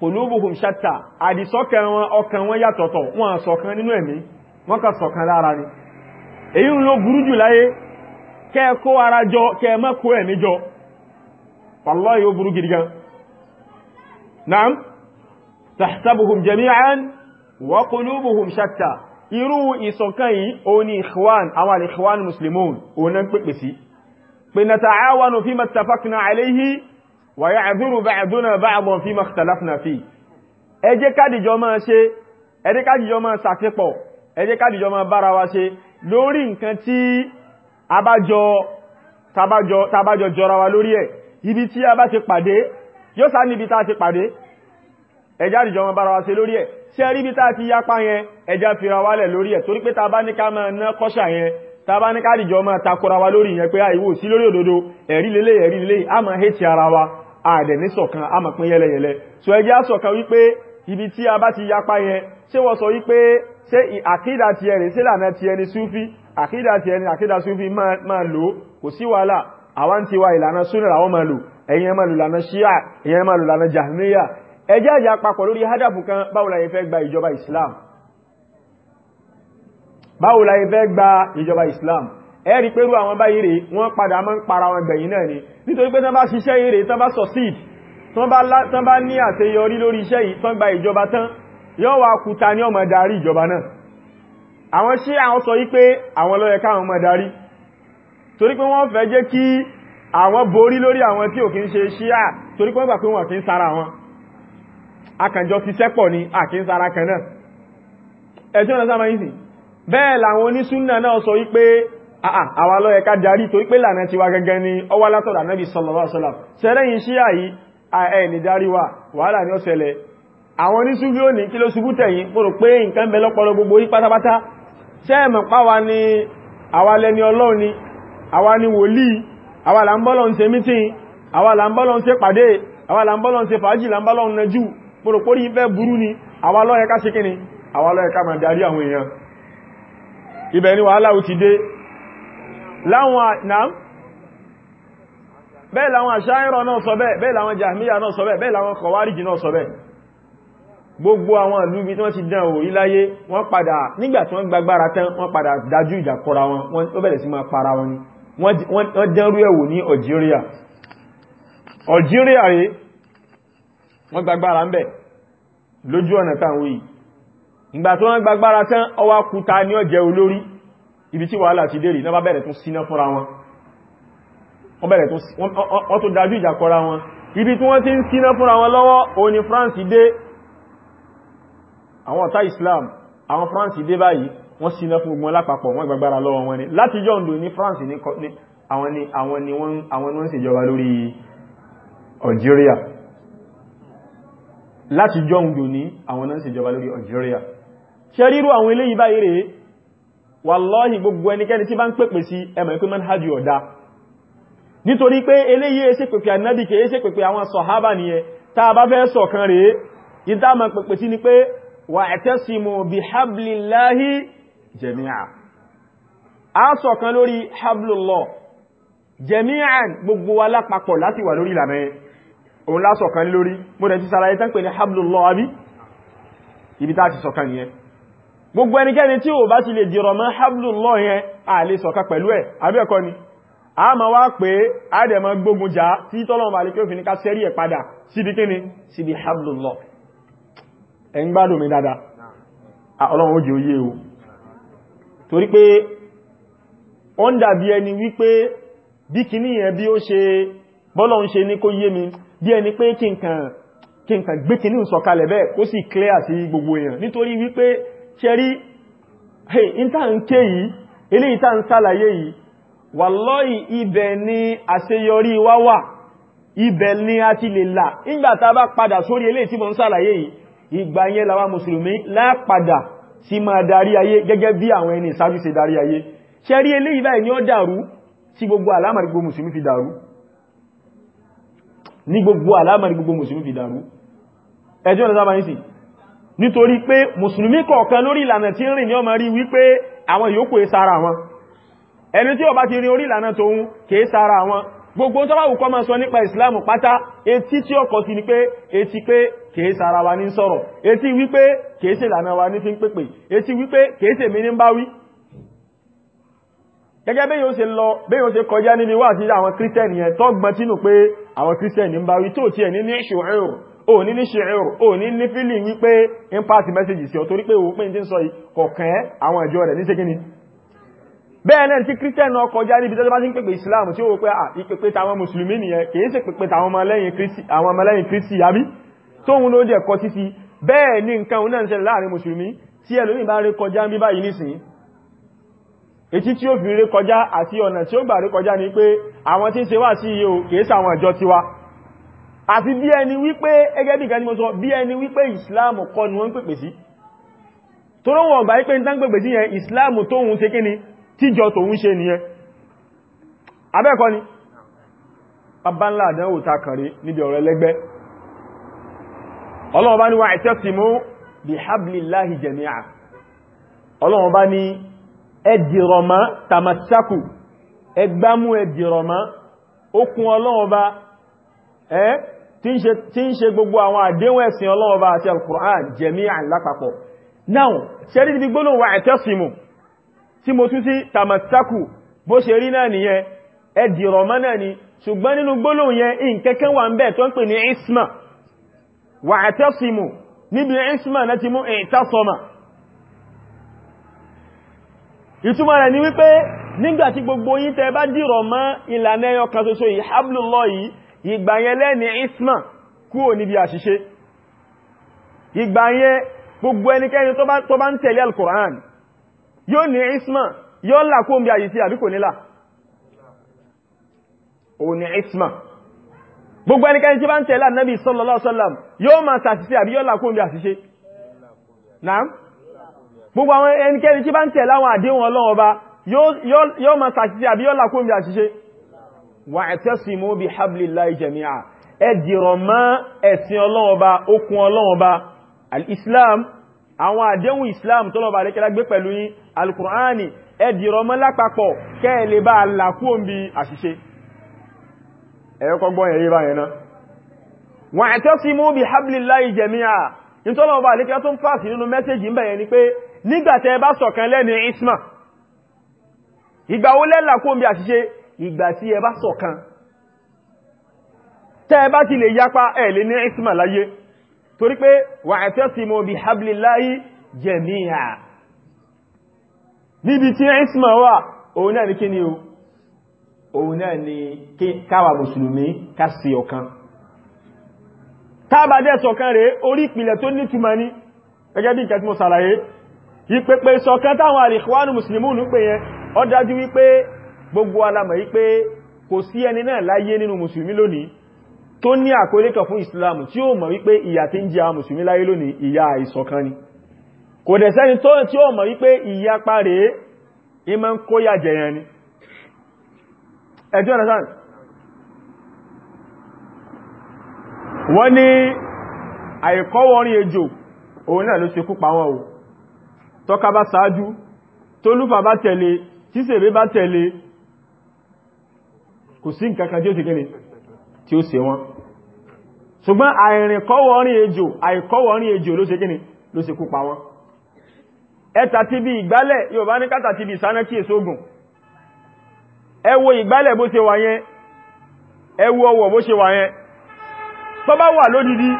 qulubuhum shatta àdìsọ́kàn wọn ọkàn wọn yàtọ̀tọ̀ wọn ṣọ̀kan nínú ẹ̀mí wọ́n kà ṣọ̀kan lára ni èyí ń ló burú jù láyé kẹ́ kó ara jọ kẹ́ má kó ẹ̀mí jọ wallahi ó burú gidi gan naam tahsabuhum jami'an wa qulubuhum shatta irú ìṣọ̀kan yìí òun ni ikhwan àwọn al-ikhwan òun náà pèpè sí pé nata'awanu fima ittafaqna alayhi wa ya'dhuru ba'duna ba'dan fima ikhtalafna fi ẹ jẹ́ kádìjọ máa ṣe ẹ jẹ́ kádìjọ máa ṣàṣepọ̀ ẹ jẹ́ kádìjọ máa bára wa ṣe lórí nǹkan tí abájọ tabájọ tabájọ jọra wa lórí ẹ̀ ibi tí a bá ṣe pàdé yóò sá níbi tá a ṣe pàdé ẹ jẹ́ àdìjọ máa bára wa ṣe lórí ẹ̀ ṣe rí bí tá a ti yapa yẹn ẹ jẹ́ fira wálẹ̀ lórí ẹ̀ torí pé ta bá ní ká máa ná kọ́ṣà yẹn ta bá ní kádìjọ máa takora wa lórí yẹn pé àìwò sí lórí òdodo ẹ̀rí lélẹ̀ ẹ̀rí lélẹ̀ á hẹ́tì ara wa àdẹ̀ ní ṣọ̀kan a mọ̀ pín yẹlẹyẹlẹ so ẹjẹ́ àṣọ̀kan wípé ibi tí a bá ti yapa yẹn ṣé wọ́n sọ wípé ṣé àkídà ti ẹni ṣé lànà ti ẹni súfí àkídà ti ẹni àkídà súfí máa lò kò sí wàhálà àwọn ti wa ìlànà súnà àwọn máa lò ẹ̀yẹn máa lò lànà ṣíà ẹ̀yẹn máa lò lànà jahmiya ẹjẹ́ àjẹ́ àpapọ̀ lórí hádàfù kan báwo la yẹ islam báwo la yẹ fẹ́ gba ìjọba islam ẹ̀rí pẹ̀lú àwọn báyìí rẹ̀ wọ́n padà máa ń para wọn gbẹ̀yìn náà ni nítorí pé tán bá ṣiṣẹ́ yìí rẹ̀ tán bá succeed tán bá ní àṣeyọrí lórí iṣẹ́ yìí tán gba ìjọba tán yóò wá kúta ní ọmọ darí ìjọba náà àwọn ṣé àwọn sọ yí pé àwọn ló yẹ káwọn máa darí torí pé wọ́n fẹ́ jẹ́ kí àwọn borí lórí àwọn tí ò kí ń bẹ́ẹ̀ làwọn onísúnnà náà sọ wípé Ah, ah ló yẹ ká darí torí pé lànà tiwa gẹ́gẹ́ ni ọwá látọ̀dọ̀ anábì sallallahu alaihi wasallam sẹ́rẹ́yìn sí àyí ẹni darí wa wàhálà ni ó ṣẹlẹ̀ àwọn oníṣúgbí ò ní kí ló ṣubú tẹ̀yìn mo rò pé nǹkan bẹ lọ́pọ̀lọ́ gbogbo ni àwa lẹni ọlọ́run ni àwa ni wòlíì àwa là ń bọ́lọ̀ ń ṣe mítìn àwa là ń bọ́lọ̀ ń ṣe pàdé àwa là ń bọ́lọ̀ ń ibẹ̀ ni wàhálà ò ti dé láwọn náà bẹ́ẹ̀ láwọn àṣáyìnrọ̀ náà sọ bẹ́ẹ̀ bẹ́ẹ̀ láwọn jahmiya náà sọ bẹ́ẹ̀ bẹ́ẹ̀ láwọn kọwàríjì náà sọ bẹ́ẹ̀ gbogbo àwọn ìlú bí wọ́n ti dán orí láyé wọ́n padà nígbà tí wọ́n gbagbára tán wọ́n padà dájú ìjàkọra wọn ó bẹ̀rẹ̀ sí máa para wọn ni wọ́n dánrú ẹ̀wò ní Algeria Algeria rẹ̀ wọ́n gbagbára ń bẹ̀ ibi tí wàhálà ti dèrè náà bẹ̀rẹ̀ tún síná fúnra wọn wọ́n tó dájú ìjà kọra wọn ibi tí wọ́n ti ń síná fúnra wọn lọ́wọ́ òun ni France dé àwọn ọ̀tá Islam àwọn France dé báyìí wọ́n síná fún gbogbo lápapọ̀ wọ́n gbagbára lọ́wọ́ wọn ni láti jọ ǹdò ní France ní àwọn ni wọ́n ń ṣèjọba lórí Algeria láti jọ ǹdò ní àwọn náà ń ṣèjọba lórí Algeria ṣe ríru àwọn eléyìí báyìí rèé wàlọ́hì gbogbo ẹnikẹ́ni tí bá ń pèpè sí ẹmọ̀ ìpé manhajì ọ̀dá nítorí pé eléyé ẹsẹ́ pèpè ànábì kìí ẹsẹ́ pèpè àwọn sọ̀hábà nìyẹn tá bá fẹ́ ṣọ̀kan rèé ìdámà pèpè sí ni pé wa'tasimu bihablillahi jami'a a ṣọ̀kan lórí hablullah jami'an gbogbo wa lápapọ̀ láti wà lórí ìlànà òun lásọ̀kan lórí mo dẹ̀ ti sàlàyé tán pè gbogbo ẹnikẹ́ni tí ò bá ti lè dìrọ̀ mọ́ hablullah yẹn a lè sọ̀ka pẹ̀lú ẹ̀ abẹ́ẹ̀kọ́ ni a ma wá pé a dẹ̀ ma gbógun já tí tọ́lọ̀ bá lè kí ó fi ní ká sẹ́rí ẹ̀ padà síbi kíni síbi hablullah ẹ̀ ń gbádùn mi dáadáa ọlọ́run ó jẹ́ oyé o torí pé ó ń dàbí gbé kíní sọ̀kalẹ̀ bẹ́ẹ̀ kó sì clear sí gbogbo èèyàn nítorí wípé ṣẹ̀rí ìta ń ké yìí ilé ìta ń sàlàyé yìí wàlọ́yì ibẹ̀ ni àṣeyọrí wa wà ibẹ̀ ni a ti lè là ìgbàta bá padà sórí ilé tí mo ń sàlàyé yìí ìgbà yẹn làwa mùsùlùmí lápadà sí máa darí ayé gẹ́gẹ́ bí àwọn ẹni ìsájú ṣe darí ayé ṣẹ́rí ilé ìbá ẹni ó dàrú tí gbogbo àlámàrí gbogbo mùsùlùmí fi dàrú ní gbogbo àlámàrí mùsùlùmí fi dàrú ẹjọ́ ìrẹsàbáyín nítorí pé mùsùlùmí kọ̀ọ̀kan lórí ìlànà tí ń rìn ní ọmọ rí wípé àwọn yòókù è e sára wọn ẹni tí ó bá ti rin orí ìlànà tóun kèé sára wọn gbogbo tó bá wù kó máa sọ nípa ìsìláàmù pátá etí tí ó kọ sí ni pé etí pé kèé sára wa ní sọ̀rọ̀ etí wípé kèé ṣe ìlànà wa ní fi ń pèpè etí wípé kèé ṣe mi ní bá wí gẹ́gẹ́ bí yóò ṣe lọ bí yóò ṣe kọjá níbi wà sí àwọn kírísítẹ̀nì yẹn tọ́gbọ́n tínú pé àwọn kírísítẹ̀nì ń bá wí tó tiẹ̀ ní ní ṣòro o ní ní ṣe'ir o ní ní fílì wípé in pass message sí ọ torí pé òpin tí ń sọ kọ̀kẹ́ àwọn ìjọ rẹ̀ ní ṣe kíni bẹ́ẹ̀ náà tí christian náà kọjá níbi tọ́jọ́ bá ti islam tí ó pé à ah, ìpèpè táwọn mùsùlùmí nìyẹn kìí ṣe pèpè táwọn ọmọlẹ́yìn kristi àbí tóhun ló jẹ́ kọ títí bẹ́ẹ̀ ní nǹkan òun náà ń ṣẹlẹ̀ láàrin mùsùlùmí tí ẹlòmí bá rí kọjá ń bí báyìí nísìn ètí tí ó fi rí kọjá àti ọ̀nà tí ó gbà rí kọjá ni pé àwọn tí ń ṣe wá sí iye ò kìí ṣàwọn ìjọ tiwa àti bí ẹni wípé ẹgẹ́ bí ìkàní mo sọ bí ẹni wípé ìsìláàmù kọ́ ni wọ́n ń pèpè sí tó rọ́wọ̀ ọ̀gbà wípé ìtàn pèpè sí yẹn ìsìláàmù tóhun ṣe kíni tíjọ tóhun ṣe nìyẹn abẹ́ẹ̀kọ́ ni abánlá àdánwò ta kàrí níbi ọ̀rọ̀ ẹlẹ́gbẹ́ ọlọ́run bá ní wa i'tasimu bihablillahi jami'a ọlọ́run bá ní ẹ dìrọ̀mọ́ tamassaku tí ń ṣe gbogbo àwọn àdéhùn ẹ̀sìn Ọlọ́run bá àti al-Qur'an jami'an lápapọ̀ now ṣe rí ti gbólóhùn wa ẹ̀tẹ́sìmù tí mo tún sí tamasaku bó ṣe rí náà nìyẹn ẹ̀dìrọ̀ mọ́ náà ni ṣùgbọ́n nínú gbólóhùn yẹn ìǹkẹ́kẹ́ wà ń bẹ tó ni wípé nígbàtí gbogbo yín tẹ bá dìrọ̀ mọ́ ìlànà ẹyọ ìgbà yẹn lẹ́ni isma kúrò níbi àṣìṣe ìgbà yẹn gbogbo ẹnikẹ́ni tó bá ń tẹ̀lé al-Qur'an yóò ní isma yóò là kó ń bí àyíkí àbí kò nílà ò ní isma gbogbo ẹnikẹ́ni tí bá ń tẹ̀lé ànábì sallallahu alaihi wasallam yóò máa ṣàṣìṣe àbí yóò là wa'tasimu bihablillahi jami'a ẹ dìrọ̀ mọ́ ẹ̀sìn Ọlọ́run Ọba okùn Ọlọ́run Ọba al-islam àwọn àdéhùn islam tó lọ́ba àdékẹ́lá gbé pẹ̀lú yín al-Qur'ani ẹ dìrọ̀ mọ́ lápapọ̀ kẹ́ ẹ lè bá alákú òǹbi àṣìṣe ẹ̀yọ́ kọgbọ́n ẹ̀rí bá yẹn náà wa'tasimu bihablillahi jami'a nítọ́lọ́ ọba àlékẹ́ tó ń fàásì nínú mẹ́sẹ̀jì ń bẹ̀yẹn ni pé nígbàtẹ́ àṣìṣe ìgbà tí ẹ bá ṣọ̀kan tẹ́ ẹ bá ti lè yapa ẹ lè ní isma láyé torí pé wa'tasimu bihablillahi jami'a níbi tí isma wà òun náà ní kíni o òun náà ni káwa mùsùlùmí ká sí ọ̀kan tábàdẹ́ ṣọ̀kan rẹ̀ gbogbo alamọ̀ yí pé kò sí ẹni náà láyé nínú mùsùlùmí lónìí tó ní àkólé kan fún islam tí ó mọ̀ wípé ìyà tí ń jẹ àwọn mùsùlùmí láyé lónìí ìyà ìṣọ̀kan ni kò dẹ̀ sẹ́ni tó tí ó mọ̀ wípé ìyapa rẹ̀ ìmọ̀ ń kó yà jẹyàn ni ẹjọ́ ẹ̀rẹ́sàn wọ́n ní àìkọ́wọ́rin bá tẹ̀lé kò sí nǹkankan tí ó ti kéne tí ó ṣe wọn ṣùgbọ́n àìrìn kọ́wọ́rin ejò àìkọ́wọ́rin ejò ló ṣe kéne ló ṣe kú pa wọn ẹta ti bí ìgbálẹ̀ yóò bá ní kátà ti bí ìsáná kí èsógùn ẹ wo ìgbálẹ̀ bó ṣe wà yẹn ẹ wo ọwọ̀ bó ṣe wà yẹn tó bá wà lódìdí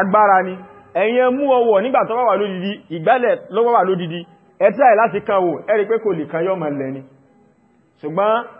agbára ni ẹ̀yẹn mú ọwọ̀ nígbà tó bá wà lódìdí ìgbálẹ̀ ló wà lódìdí ẹ̀tẹ́ láti kan wò ẹ pé kò lè kan yọ́ mọ̀ lẹ́ni ṣùgbọ́n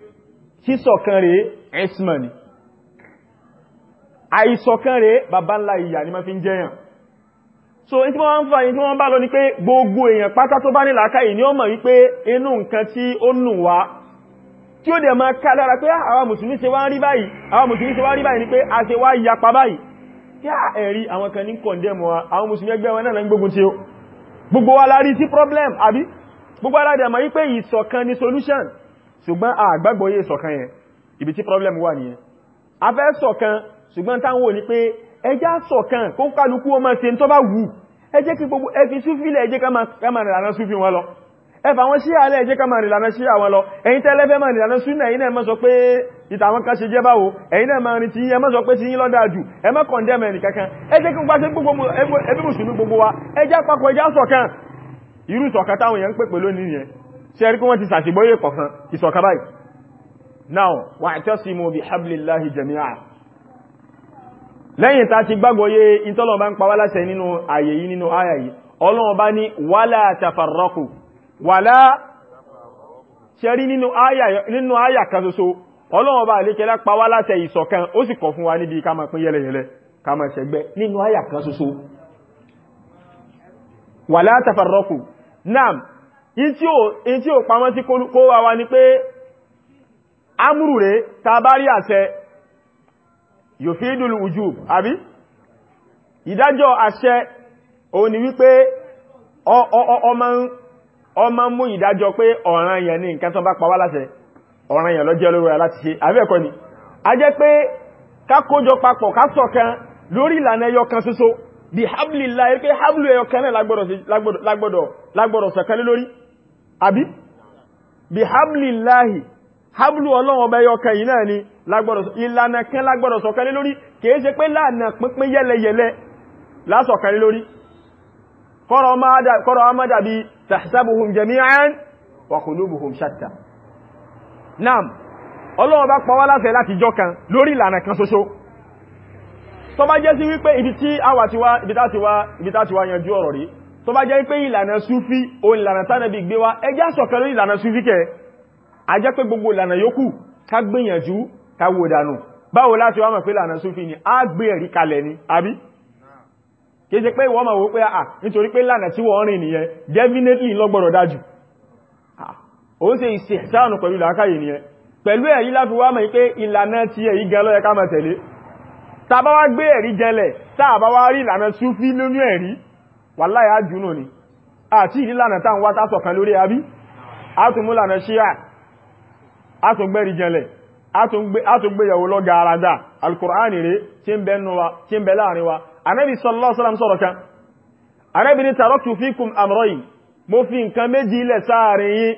sísọ̀kan rẹ̀ ẹ̀sìmọ̀ ni àìsọ̀kan rẹ̀ bàbá ńlá ìyà ni ma fi ń jẹyàn so in tí wọ́n ń fa in tí wọ́n bá lọ ní pé gbogbo èèyàn pátá tó bá ní làákàyè ni ó mọ̀ wípé inú nǹkan tí ó nù wá tí ó dẹ̀ máa ká lára pé ah, àwọn mùsùlùmí ṣe wá ń rí báyìí àwọn mùsùlùmí ṣe wá ń rí báyìí ni pé a ṣe wá yapa báyìí tí a ẹ̀rí àwọn kan ní kọ̀ndẹ̀mù wa àwọn mùsùlùmí ẹgbẹ́ wọn náà ń gbógun tí ó gbogbo wa la rí sí problem àbí gbogbo aládẹ̀mọ̀ wípé ìṣọ̀kan ni solution ṣùgbọ́n àgbàgbọ́ yé ṣọ̀kan yẹn ibi tí problem wà nìyẹn a fẹ́ ṣọ̀kan ṣùgbọ́n táwọn ò ní pé ẹjá ṣọ̀kan kó kálukú ó máa ṣe ń tó bá wù ẹ jẹ́ kí gbogbo ẹ fi súfílẹ̀ ẹ jẹ́ ká máa rìnlànà súfí wọn lọ ẹ fà wọn sí àlẹ́ ẹ jẹ́ ká máa rìnlànà sí àwọn lọ ẹ̀yin tẹ́lẹ́ fẹ́ máa rìnlànà súnà ẹ̀yin náà máa sọ pé ìtàwọn kan ṣe jẹ́ báwo ẹ̀yin náà máa rìn tí ẹ máa sọ pé ti yín lọ́dà jù ẹ má kọ̀ndẹ́mẹ̀ ẹnì kankan ẹ jẹ́ kí gbáṣẹ́ gbogbo ẹbí mùsùlùmí gbogbo wa ẹ jẹ́ papọ̀ ẹjá ṣọ̀kan irú ṣọ̀kan táwọn yẹn ń pè pè lónìí yẹn ṣe ẹ̀rí kí wọ́n ti sàṣìgbóyè kọ̀kan ìṣọ̀kan báyìí now wa'tasimu bihablillahi jami'a lẹ́yìn tá ti gbàgbọ́yé ìtọ́lọ̀ bá ń pa wá láṣẹ nínú àyè yìí nínú àyà yìí ọlọ́wọ́ bá ní wala tafarraqu wala ṣẹ́rí nínú àyà kan ṣoṣo ọlọ́wọ́ bá lè kẹlá pa wá láṣẹ ìṣọ̀kan ó sì naam in tí ó pamọ́ sí kó wá wá ní pé amúrù rẹ̀ tàbárí àṣẹ yufidul wujub àbí ìdájọ́ àṣẹ òun ni wípé ọmọ mú ìdájọ́ pé ọ̀ràn yẹn ní nǹkan tó bá pa wá láṣẹ ọ̀ràn yẹn lọ́jẹ́ olóòrò láti ṣe àbí ẹ̀kọ́ ni a jẹ́ pé kákójọ papọ̀ ká ṣọ̀kan lórí ìlànà ẹyọ kan ṣoṣo bí hablillah pé hablu ẹyọ kan náà lágbọ́dọ̀ ṣọ̀kan lórí àbí bí hablillahi hablu ọlọ́run ọba ẹyọ kan yìí náà ni ìlànà kan lágbọ́dọ̀ sọ̀kalẹ̀ lórí kìí ṣe pé láànà pínpín yẹ́lẹyẹ̀lẹ lásọ̀kalẹ̀ lórí kọ́rọ̀ amádà bí tahsabuhum jami'an wa qulubuhum shatta naam ọlọ́run bá pa wá láṣẹ láti jọ kan lórí ìlànà kan ṣoṣo tó bá jẹ́ sí wípé ibi tí a wà ti wá ibi tá ti tó bá jẹ́ pé ìlànà súfí o ìlànà tánàbí gbé wá ẹjá sọ̀kan lórí ìlànà súfí kẹ a jẹ́ pé gbogbo ìlànà yòókù ká gbìyànjú ká wò dànù báwo láti wá mọ̀ pé ìlànà súfí ni a gbé ẹ̀rí kalẹ̀ ni àbí kìí ṣe pé ìwọ́n ma wó pé àà nítorí pé ìlànà tí wọ́n rìn nìyẹn definitely lọ́gbọ̀rọ̀ dájú ó ń ṣe ìsẹ̀sánù pẹ̀lú làákàyè nìyẹn pẹ̀lú ẹ̀rí láti wá mọ̀ pé ìlànà tí ẹ̀yí gan ló yẹ ká máa tẹ̀lé tàbá wá gbé ẹ̀rí jẹlẹ̀ tàbá wá rí ìlànà súfí lónú ẹ̀rí wàláhì ájú náà ni àti ìlànà táwọn wá tásọ̀kan lórí àbí átùmúlànà ṣíà átùngbẹ̀rì jẹlẹ̀ átùngbẹ̀yàwó lọ́gà àràdà alkùránì rẹ̀ tí ń bẹ láàrin wa anẹ́bì sallallahu alaihi wasallam sọ̀rọ̀ kan anẹ́bì ní taraktu fikum amrayn mo fi nǹkan méjì ilẹ̀ sáàrin yín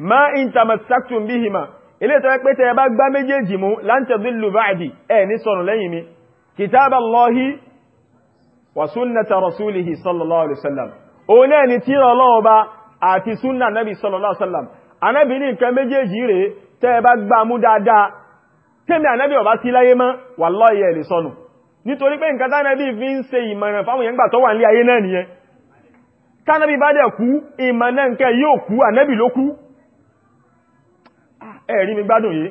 ma in tamassaktum bihima ilé tó pé tẹ bá gbá méjèèjì mú wa sunnata rasulihi sallallahu alaihi wasallam o náà ni tí ọlọ́wọ́ bá àti sunna nabi sallallahu alaihi wasallam anábì ní nǹkan méjèèjì rẹ̀ tẹ́ ẹ bá gbà mú dáadáa tẹ́mi anábì ọba sí láyé mọ́ wallahi ẹ̀ lè sọnù nítorí pé nǹkan tánábì fi ń ṣe ìmọ̀ràn fáwọn yẹn gbà tó wà ní ayé náà nìyẹn tánábì bá dẹ̀ kú ìmọ̀nà nǹkan yóò kú anábì ló kú ah, ẹ̀rí mi gbádùn yìí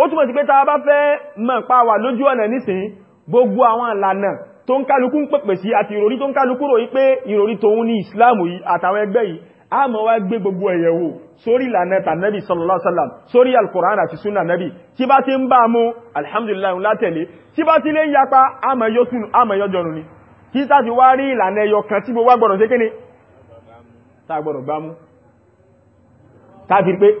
ó túmọ̀ sí pé tá a bá fẹ́ pa wà lójú ọ̀nà nísìnyí gbogbo àwọn ìlànà tó ń kálukú ń pèpè sí àti ìròrí tó ń kálukú ròyìn pé ìròrí tòun ní ìsìláàmù yìí àtàwọn ẹgbẹ́ yìí a mọ̀ wá gbé gbogbo ẹ̀yẹ̀wò sórí ìlànà sallallahu alaihi wasallam sórí alkùnrán àti súnà nẹ́bì tí bá ti alhamdulillah látẹ̀lé tí bá ti lé ń yapa àmọ̀yọ́jọ́nù ni kí tá ti wá rí ìlànà ẹyọ kan tí gbogbo gbọ́dọ̀ ṣe kíni tá gbọ́dọ̀ gbá mú tá fi pé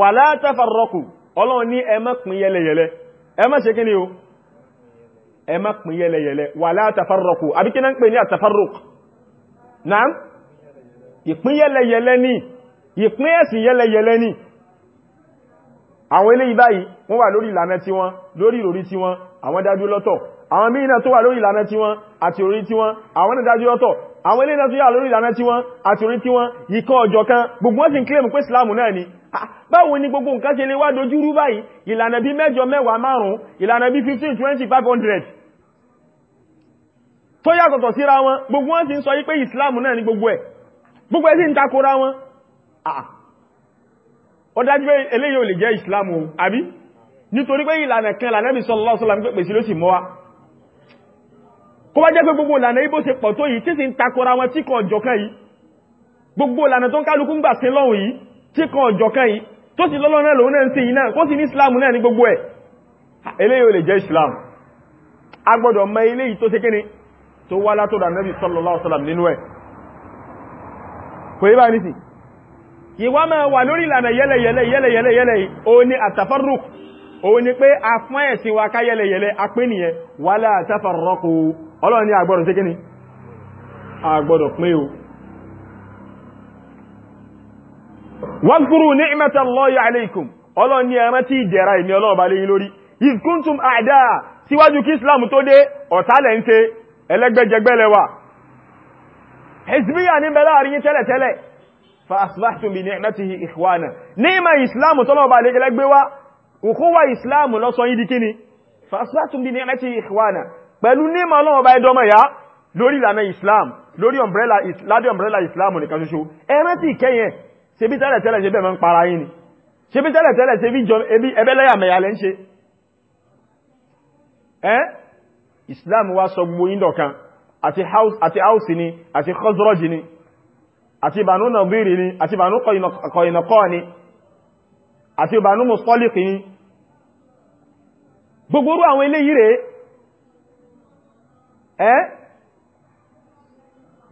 wà látàfàrọ́kù ọlọ́run ní ẹ má pín yẹlẹyẹlẹ ẹ má ṣe kíni o ẹ má pín yẹlẹyẹlẹ wà látàfàrọ́kù àbí kí náà ń pè ní àtàfàrọ́k naam ìpín yẹlẹyẹlẹ ni ìpín ẹ̀sìn yẹlẹyẹlẹ ni àwọn eléyìí báyìí wọ́n wà lórí ìlànà tí wọ́n lórí ìròrí tí wọ́n àwọn dájú lọ́tọ̀ àwọn míì náà tó wà lórí ìlànà tí wọ́n àti orí tí wọ́n àwọn náà dájú lọ́tọ̀ àwọn eléyìí náà tó yà lórí ìlànà tí wọ́n àti orí tí wọ́n yíkọ́ ọjọ́ kan gbogbo wọ́n sì ń kílẹ̀mù pé Islam náà ni báwo ni gbogbo nǹkan ṣe lè wá dojúrú báyìí ìlànà bí mẹ́jọ mẹ́wàá márùn-ún ìlànà bí 15 20 500 tó yàtọ̀tọ̀ síra wọn gbogbo wọn sì ń sọ yí pé ìsìláàmù náà ni gbogbo ẹ̀ gbogbo ẹ̀ sì ń takora wọn ó dájú pé eléyìí ò lè jẹ́ ìsìláàmù o àbí nítorí pé ìlànà kan lànàbì sallallahu alaihi wasallam pèpè sí ló sì mọ́ wa kó bá jẹ́ pé gbogbo ìlànà ibó ṣe pọ̀ tó yìí tí sì ń takora wọn tí kan ọjọ́ kan yìí gbogbo ìlànà tó ń kálukú ń gbà sí lọ́hùn yìí tí kan ọjọ́ kan yìí tó sì lọ́lọ́ náà lòun náà ń ṣe yìí náà kó sì ní islam náà ní gbogbo ẹ̀ eléyìí ò lè jẹ́ islam a gbọ́dọ̀ mọ eléyìí tó ṣe kíni tó wá látọ̀dọ̀ Ànábì sallallahu alaihi wasallam nínú ẹ̀ kò yí bá nísìn ìwá máa wà lórí ìlànà yẹ́lẹ̀yẹ́lẹ̀ yẹ́lẹ̀yẹ́lẹ̀ yẹ́lẹ̀ o ní àtàfàrùk o ní pé a fún ẹ̀sìn wa ká yẹ́lẹ̀yẹ́lẹ̀ apínìyàn wà látàfàrọ́kù ọlọ́ni àgbọ̀rọ̀ sí kíni àgbọ̀rọ̀ pín o واذكروا نعمة الله عليكم ọlọ́ ní ẹran tí ìdẹ̀ra ìmì ọlọ́ọ̀bá lè yí lórí iz kuntum àdá síwájú kí islam tó dé ọ̀tálẹ̀ ń ṣe ẹlẹ́gbẹ́jẹgbẹ́lẹ́wà hezbiya ní bẹ̀lá àríyí tẹ́lẹ̀tẹ́lẹ̀ fa lórí ìlànà islam lórí umbrella islam nìkan ṣoṣo ẹran tí ìkẹyẹn Sebi bí tẹ́lẹ̀ tẹ́lẹ̀ ṣe bẹ́ẹ̀ máa ń para yín ni ṣe bí tẹ́lẹ̀ tẹ́lẹ̀ ṣe bí jọ ẹbẹ́ lẹ́yàmẹ̀yà lẹ́ ń ṣe ẹ́ Islam wá sọ gbogbo yín dọ̀kan àti Hausi ni àti Khazraj ni àti Banu Nadiri ni àti Banu Qaynuqa ni àti Banu Mustaliq ni gbogbo orú àwọn eléyìí rẹ̀ ẹ́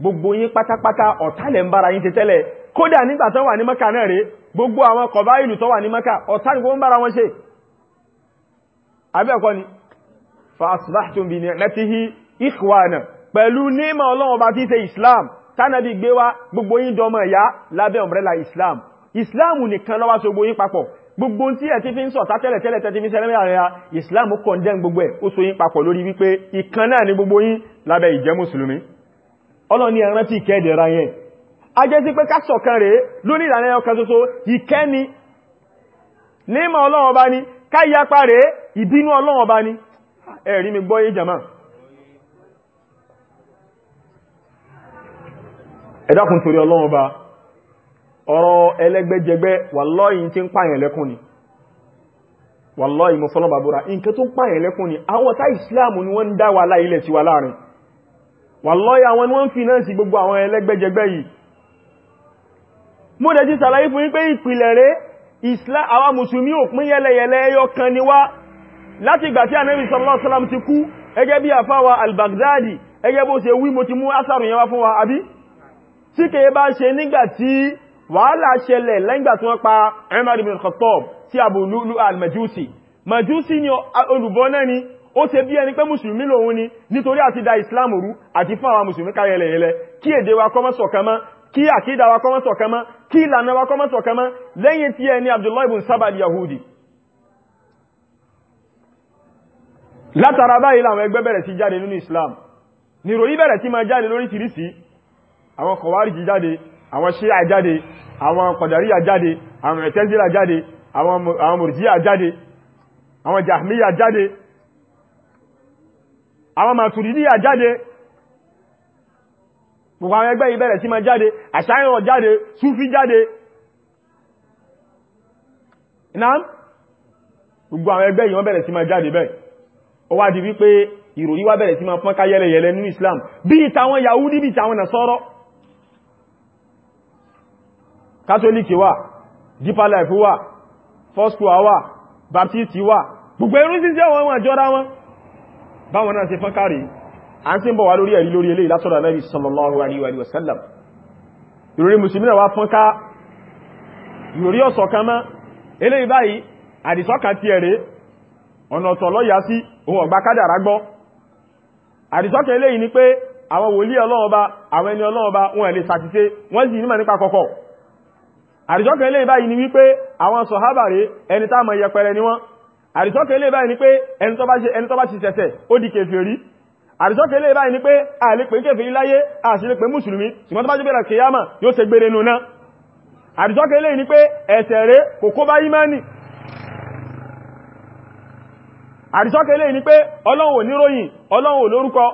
gbogbo yín pátápátá ọ̀tálẹ̀ ń bára yín ti tẹ́lẹ̀ kódà nígbà tó wà ní maka náà rẹ̀ gbogbo àwọn kọba ìlú tó wà ní maka ọ̀tá ní gbogbo bára wọn ṣe abẹ́ẹ̀kọ́ ni fa asbahtum bi ni'matihi ikhwana pẹ̀lú níma ọlọ́wọ́ bá ti ṣe islam tánàbí gbé wá gbogbo yín dọmọ ẹ̀yà lábẹ́ islam islam nìkan ló wá so gbogbo yín papọ̀ gbogbo tí ẹ̀ ti fi ń ṣọ̀tá tẹ́lẹ̀ tẹ́lẹ̀ tẹ́lẹ̀ fi sẹ́lẹ̀ mẹ́rin islam condemn gbogbo ẹ̀ ó so yín papọ̀ lórí wípé ìkan ni gbogbo yín lábẹ́ ọlọ́ni ẹ̀rántí ìkẹ́ẹ̀dẹ̀ ra yẹn ajẹ́ sí pé kásọ̀kan rẹ̀ lónìí ìlànà ẹyọ kan ṣoṣo ìkẹ́ ni nímọ̀ ọlọ́run ọba ni káyapa rẹ̀ ìbínú ọlọ́run ọba ni ẹ̀rí mi gbọ́yé jama ẹ̀dàkùn torí ọlọ́run ọba ọ̀rọ̀ ẹlẹ́gbẹ́jẹgbẹ́ wàlọ́yìn tí ń pààyàn lẹ́kùn ni wàlọ́yìn mo fọ́lọ́ bàbúra nǹkan tó ń pààyàn lẹ́kùn ni àwọn mo dẹ̀ ti sàlàyé fún yín ìpìlẹ̀ rẹ̀ Islam àwa mùsùlùmí ò pín yẹlẹyẹlẹ ẹyọ kan ni wá láti ìgbà tí Ànábì sallallahu alaihi wasallam ti kú ẹgẹ́ bí àfáwà al-Baghdadi ẹgẹ́ bó ṣe wí mo ti mú asàrù yẹn fún wa àbí tí kèé bá ṣe nígbà tí wàhálà ṣẹlẹ̀ lẹ́gbà tí wọ́n pa Umar ibn Khattab sí Abu majusi Majusi ni ni ó ṣe bí ẹni pé mùsùlùmí da Islam rú àti fún àwọn mùsùlùmí káyẹlẹyẹlẹ kí èdè wa kọ́mọ́sọ̀kan mọ́ kí àkídà wa kọ́mọ́sọ̀kan kí ìlànà wa kọ́ mọ́sọ̀ kan mọ́ lẹ́yìn tí ẹni Abdullahi ibn Saba al-Yahudi látara báyìí làwọn ẹgbẹ́ bẹ̀rẹ̀ sí jáde nínú Islam nìròyìn bẹ̀rẹ̀ sí máa jáde lórí tìrísì àwọn Khawarij jáde àwọn Shia jáde àwọn Qadariyya jáde àwọn Mu'tazila jáde àwọn Murji'a jáde àwọn Jahmiyya jáde àwọn Maturidiyya jáde gbogbo àwọn ẹgbẹ́ ìbẹ̀rẹ̀ sí ma jáde àṣáyàn jáde súfí jáde náà gbogbo àwọn ẹgbẹ́ ìwọ́n bẹ̀rẹ̀ sí ma jáde bẹ́ẹ̀ ó wá di wípé ìròyìn wá bẹ̀rẹ̀ sí ma pọ́nká yẹlẹyẹlẹ nínú Islam bí i tàwọn Yahudi bí i tàwọn Nasọ́rọ́ Kátólíkì wà Deeper Life wà Foursquare wà Baptist wà gbogbo irú sí sí àwọn àjọ́ra wọn báwọn náà ṣe fọ́nká rèé a ń tí ń bọ̀ wá lórí ẹ̀rí lórí eléyìí látọ̀dọ̀ Ànábì sallallahu alaihi wa sallam ìròrí musulmi náà wá fún ká ìròrí ọ̀sọ̀ kan mọ́ eléyìí báyìí àdìsọ́kà ti ẹ̀rẹ́ ọ̀nà ọ̀tọ̀ lọ́yà sí ohun ọ̀gbá kádàrá gbọ́ àdìsọ́kà eléyìí ni pé àwọn wòlíì ọlọ́ọba àwọn ẹni ọlọ́ọba wọn lè sàtìsé wọ́n sì nímọ̀ nípa kọ̀kọ̀ àdìsọ́kà eléyìí báyìí ni wípé àrísọ́kẹ́ ilé báyìí ni pé àìlépè kèfèrí láyé àṣìlépè mùsùlùmí ṣùgbọ́n tó bá jẹ́ bẹ̀rẹ̀ kìyàmà yóò ṣe gbére nù náà àrísọ́kẹ́ ilé ni pé rẹ̀ kò kó bá ilé ni pé ọlọ́run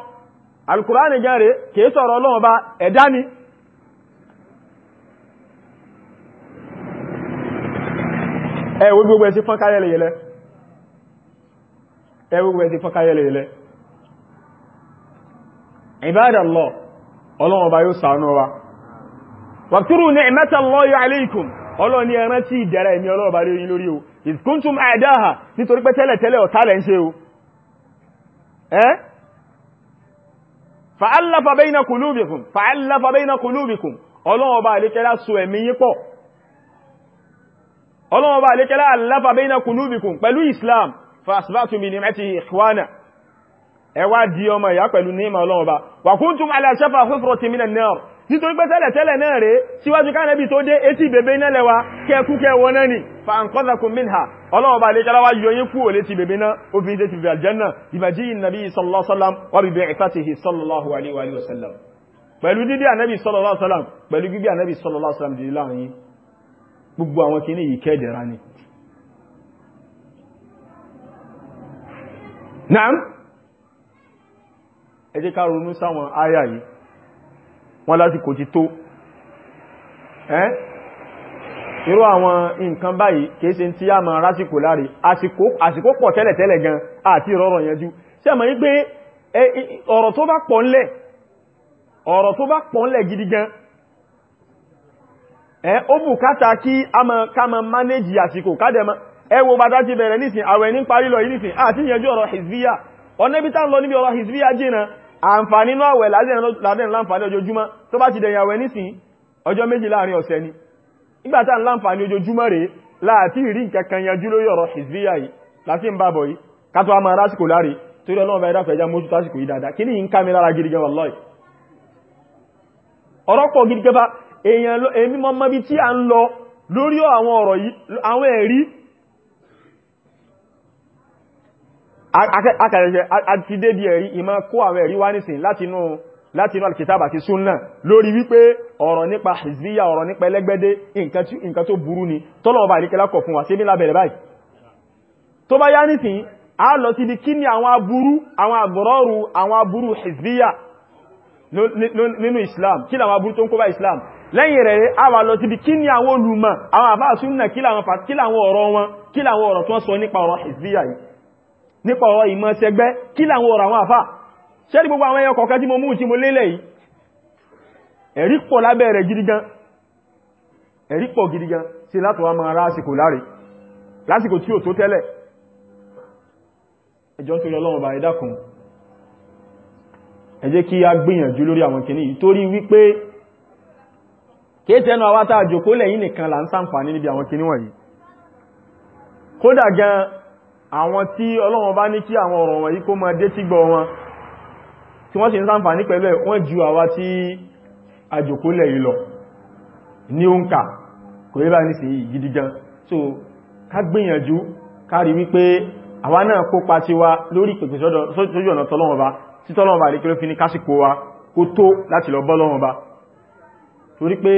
ìbádàlọ́ ọlọ́wọ́ba yóò sàánú wa wàtúrù ní ìmẹ́ta lọ́yọ̀ aléìkùn ọlọ́ni ẹran tí ìdẹ̀rẹ̀ ìmí ọlọ́ọ̀bá lórí lórí o ìkúntùm àdáhà nítorí pé tẹ́lẹ̀ tẹ́lẹ̀ ọ̀tálẹ̀ ń ṣe o ẹ́ fa'allafa bayna qulubikum fa'allafa bayna qulubikum ọlọ́ọ̀bá alékẹ́lá so ẹ̀mí yín pọ̀ ọlọ́ọ̀bá alékẹ́lá allafa bayna qulubikum pẹ̀lú islam ẹ wá di ọmọ ìyá pẹ̀lú ní ìmọ̀ ọlọ́run ọba wà kún tún ala shafa hufrati minan nar nítorí pé tẹ́lẹ̀ tẹ́lẹ̀ náà rèé síwájú kánẹ́bì tó dé etí bèbè iná lẹ́wà kẹ́kú kẹwọ náà ni fa anqadhakum minha ọlọ́run ọba lè jẹ́lá wá yọ yín kúrò létí bèbè náà obìnrin tẹ́ ti fi aljanna bimaji'i nabi sallallahu alaihi wasallam wa bi bi'ithatihi sallallahu alaihi wasallam pẹ̀lú dídí ànábì sallallahu alaihi wasallam Naam ẹ jẹ́ ká ronú sáwọn àyà yìí wọ́n lásìkò ti tó ẹ́ irú àwọn nǹkan báyìí kìí ṣe tí a máa rásìkò láre àsìkò pọ̀ tẹ́lẹ̀tẹ́lẹ̀ gan àti ìrọ̀rọ̀ yanjú sẹ́mọ̀ yí pé ọ̀rọ̀ tó bá pọ̀ ńlẹ̀ gidi gan ẹ ó bùkátà kí ká ma manage àsìkò kádẹ̀mọ́ ẹ wo bàtà ti bẹ̀rẹ̀ nísìn àwẹ̀ ní parí lọ yìí nísìn àti ìyẹnjú ọ̀rọ̀ hezbollah ọ̀nà ibi tá ń lọ níbi ọ̀rọ̀ hizbi ajé na àǹfààní inú àwẹ̀ ládẹ́rin láǹfààní ojoojúmọ́ tó bá ti dẹ̀yàwẹ̀ nísìn ọjọ́ méjì láàrin ọ̀sẹ̀ ni nígbà tá ń láǹfààní ojoojúmọ́ rèé láti rí nǹkan kan yanjú lórí ọ̀rọ̀ hizbi yìí láti ń bàbọ̀ yìí kátó àmà rásìkò láre torí ọlọ́run báyìí dáfẹ́ ẹja mójú tásìkò yìí dáadáa kí mi lára gidi gan wallahi ọ̀rọ̀ pọ̀ gidi gan akàrẹ̀ṣẹ́ àti dédé ẹ̀rí ìmá kó àwọn ẹ̀rí wá nìsìn látinú látinú alkitaba àti súnnà lórí wípé ọ̀rọ̀ nípa hizbiya ọ̀rọ̀ nípa ẹlẹ́gbẹ́dé nǹkan tó burú ni tọ́lọ̀ ọba ìrìkẹ́lá kọ̀ fún wa sí nílá bẹ̀rẹ̀ báyìí tó bá yá nìsìn a lọ sí di kí ni àwọn aburú àwọn àgbọ̀rọ̀rù àwọn aburú hizbiya nínú islam kí làwọn aburú tó ń islam lẹ́yìn rẹ̀ a wà lọ sí di kí ni àwọn olùmọ̀ àwọn àfáà súnnà kí làwọn ọ̀rọ̀ wọn kí làwọn ọ̀rọ̀ tó ń sọ nípa ọ̀rọ̀ nípa ọ̀rọ̀ ìmọ̀ ṣẹgbẹ́ kí làwọn ọ̀rọ̀ àwọn àfà ṣẹ́rí gbogbo àwọn ẹyọ kọ̀ọ̀kan tí mo mú tí mo lélẹ̀ yìí ẹ̀rí pọ̀ lábẹ́ rẹ̀ gidi gan ẹ̀rí pọ̀ gidi gan sí látọ̀ wá máa lásìkò láre lásìkò tí ò tó tẹ́lẹ̀ ẹjọ́ tó lọ́wọ́ bá ẹ̀dákun àwọn tí ọlọ́wọ́n bá ní kí àwọn ọ̀rọ̀ wọ̀nyí kó máa dé sí gbọ́ wọn tí wọ́n sì ń ṣàǹfààní pẹ̀lú ẹ̀ wọ́n ju àwa tí àjòkólẹ̀ yìí ní òǹkà kò yẹ bá ní sí gidi so ká gbìyànjú ká rí wípé àwa náà kópa ti wa lórí ìpèpè sójú ọ̀nà tọ́lọ́wọ́n ba tí tọ́lọ́wọ́n ba rí kí ló fi ní kásìkò wa kó tó láti lọ bọ́lọ́wọ́n ba torí pé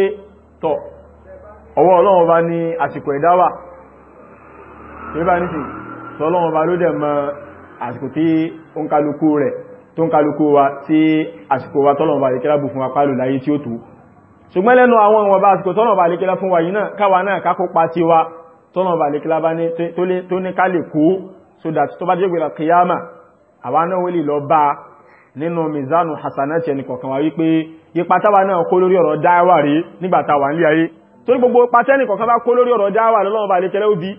Ọlọ́run bá ló dẹ̀ mọ àsìkò tí ó ń kálukú rẹ̀ tó ń kálukú wa tí àsìkò wa tọ́lọ̀wọ̀n bá lè kẹ́lá bù fún apálù láyé tí ó tó ṣùgbọ́n lẹ́nu àwọn ìwọ̀nba àsìkò tọ́lọ̀wọ̀n bá lè fún wa yìí náà káwa náà kákópa ti wa tọ́lọ̀wọ̀n bá lè bá ní tó ní ká so that tó bá dégbèrè kìyàmà àwa náà wọ́n lè lọ bá nínú mizanu hasanati ẹnì kọ̀ọ̀kan wa wípé ipa táwa náà kó lórí ọ̀rọ̀ dáwà rí nígbà táwa ń lé ayé torí gbogbo ipa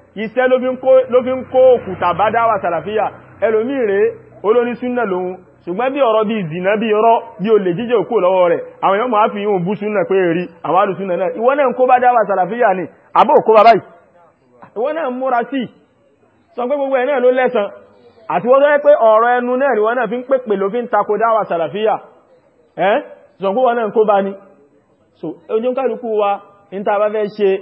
iṣẹ́ ló fi ń kó òkúta bá dáwà sàlàfíà ẹlòmí rẹ̀ olóní súnà lòun ṣùgbọ́n bí ọ̀rọ̀ bí ìdìnà bí ọ̀rọ̀ bí o lè jíjẹ́ òkú lọ́wọ́ rẹ̀ àwọn èèyàn máa fi yíò bú súnà pé rí àwọn alùsúnà náà ìwọ náà ń kó bá dáwà sàlàfíà ni so ojú kálukú wa ní ta bá fẹ́ ṣe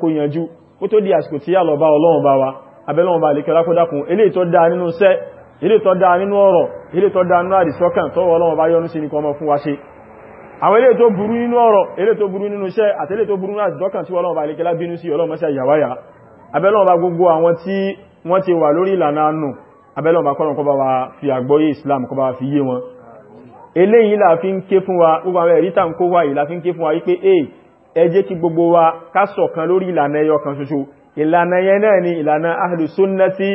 kó yanjú kó tó di àsìkò tí yà lọ bá ọlọ́run bá wa abẹ́lọ́run bá lékẹ́ lákọ́dákun eléyìí tó dáa nínú iṣẹ́ eléyìí tó dáa nínú ọ̀rọ̀ eléyìí tó dáa nínú àdìsọ́kàn tọ́wọ́ ọlọ́run bá yọ́nú sí ní kọmọ fún wa ṣe àwọn eléyìí tó burú nínú ọ̀rọ̀ eléyìí tó burú nínú iṣẹ́ àti eléyìí tó burú nínú àdìsọ́kàn tí ọlọ́run bá lékẹ́ lábínú sí ọlọ́run mọ́sá yàwáyà wa fi Islam kó bá wa fi yé wọn eléyìí la fi ń ké fún ẹ kí gbogbo wa ká ṣọ̀kan lórí ìlànà ẹyọ kan ṣoṣo ìlànà yẹn náà ni ìlànà ahlu sunnati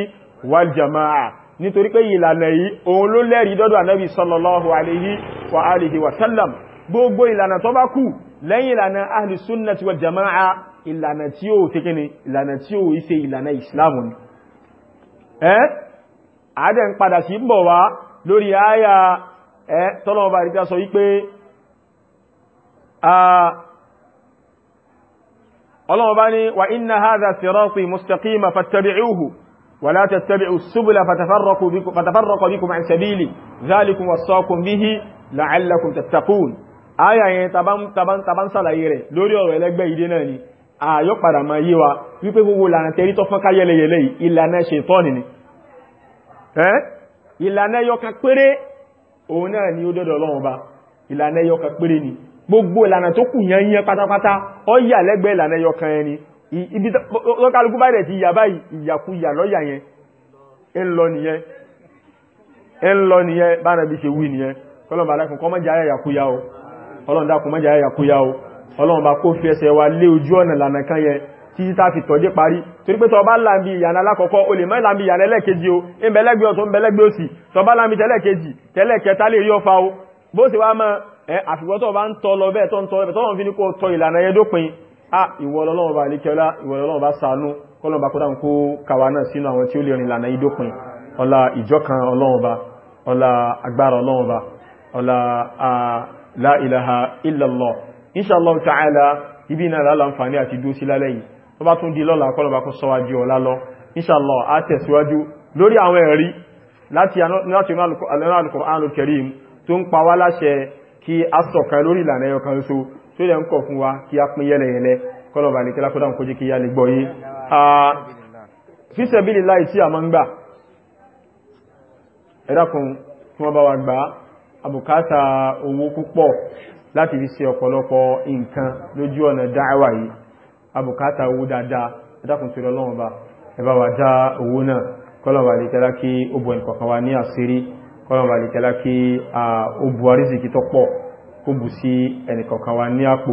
wal jama'a nítorí pé ìlànà yìí òun ló lẹ́rìí dọ́dọ̀ ànábì sallallahu alayhi wa alihi wa sallam gbogbo ìlànà tó bá kù lẹ́yìn ìlànà ahlu sunnati wal jama'a ìlànà tí ó tẹ́kẹ́ni ìlànà tí ó ìṣe ìlànà ìsìláàmù ni ẹ́ àádẹ́ ń padà sí bọ̀ wá lórí ọlọ́wọ́ bá ní wa inna hadha sirati mustaqima fattabi'uhu wa la tattabi'u subula fatafarraqa bikum an sabili dhalikum wasaqum bihi la'allakum tattaqun aya yẹn taban taban taban ṣàlàyé rẹ̀ lórí ọ̀rọ̀ ẹlẹ́gbẹ́ ìdè náà ni ààyọ́ padà máa yé wa wípé gbogbo lànà tẹ́rí tó fún yẹlẹyẹlẹ yìí ìlànà ṣètọ́nì ni ìlànà ẹyọkan péré òun náà ni ó dọ́dọ̀ ọlọ́run ba ìlànà ẹyọkan péré ni gbogbo ìlànà tó kù yẹn yẹn pátápátá ọ yà lẹ́gbẹ̀ẹ́ ìlànà ẹyọkan ẹni ibi lọ́kàlùkù bá rẹ̀ ti yà báyìí ìyàkuyà lọ́yà yẹn ń lọ nìyẹn ń lọ nìyẹn bára bí ṣe wí nìyẹn ọlọ́run bá dákun kó má jẹ́ àyàkuyà o ọlọ́run dákun má jẹ́ àyàkuyà o ọlọ́run bá kó fi títí tá fi parí torí pé tọba láàbí ìyànà alákọ̀ọ́kọ́ o lè mọ́ láàbí ìyànà ẹlẹ́kejì o ń bẹ̀lẹ́gbẹ̀ ọ̀tún ń bẹ̀lẹ́gbẹ̀ òsì tọba láàbí tẹ́lẹ̀kejì tẹ́lẹ̀kẹta lè yọ́ fa o bó sì wá mọ́ Eh, àfìgbọ́tọ̀ bá ń tọ́ lọ bẹ́ẹ̀ tó ń tọ́ ẹ̀bẹ̀ tọ́wọ́n fi ní kó tọ ìlànà ẹ dópin ah ìwọ Ọlọ́run bá alékẹ́ọ́lá ìwọ Ọlọ́run bá ṣàánú kọlọ́run bá kódà ń kó kàwà náà sínú àwọn tí ó lè rìn ìlànà yìí dópin ọlá ìjọkan Ọlọ́run bá ọlá agbára Ọlọ́run bá ọlá la ilaha illallah inshallah ta'ala ibi náà lálà ń fàní àti dúó sí lálẹ́ yìí tó bá tún di lọ́la kọlọ́run bá kó sọ́wájú ọ̀la lọ inshallah á tẹ̀síwájú lórí àwọn ẹ̀rí láti inú Al-Qur'anul Karim tó ń pa wá láṣẹ kí a sọ̀kan lórí ìlànà ẹyọ kan so tó yẹ ń kọ̀ fún wa kí a pín yẹ́lẹ̀yẹ̀lẹ́ kọlọ̀bà ní kílá kódà ń kójí kí yá lè gbọ́ yí fíṣẹ̀bílì láì tí a máa ń gbà ẹ̀dàkùn tí wọ́n bá wa gbà àbùkátà owó púpọ̀ láti fi ṣe ọ̀pọ̀lọpọ̀ nǹkan lójú ọ̀nà dá kọ́lọ̀bà lè kẹ́lá kí ó bu àrísìkí tó pọ̀ kó bù sí ẹnìkọ̀ọ̀kan wa ní àpò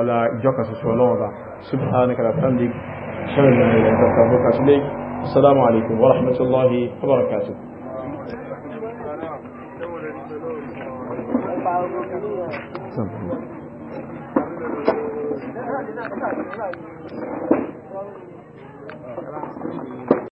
ọlá ìjọkan ṣoṣo ọlọ́ọ̀bà subhanaka alaikum wa rahmatullahi Thank you.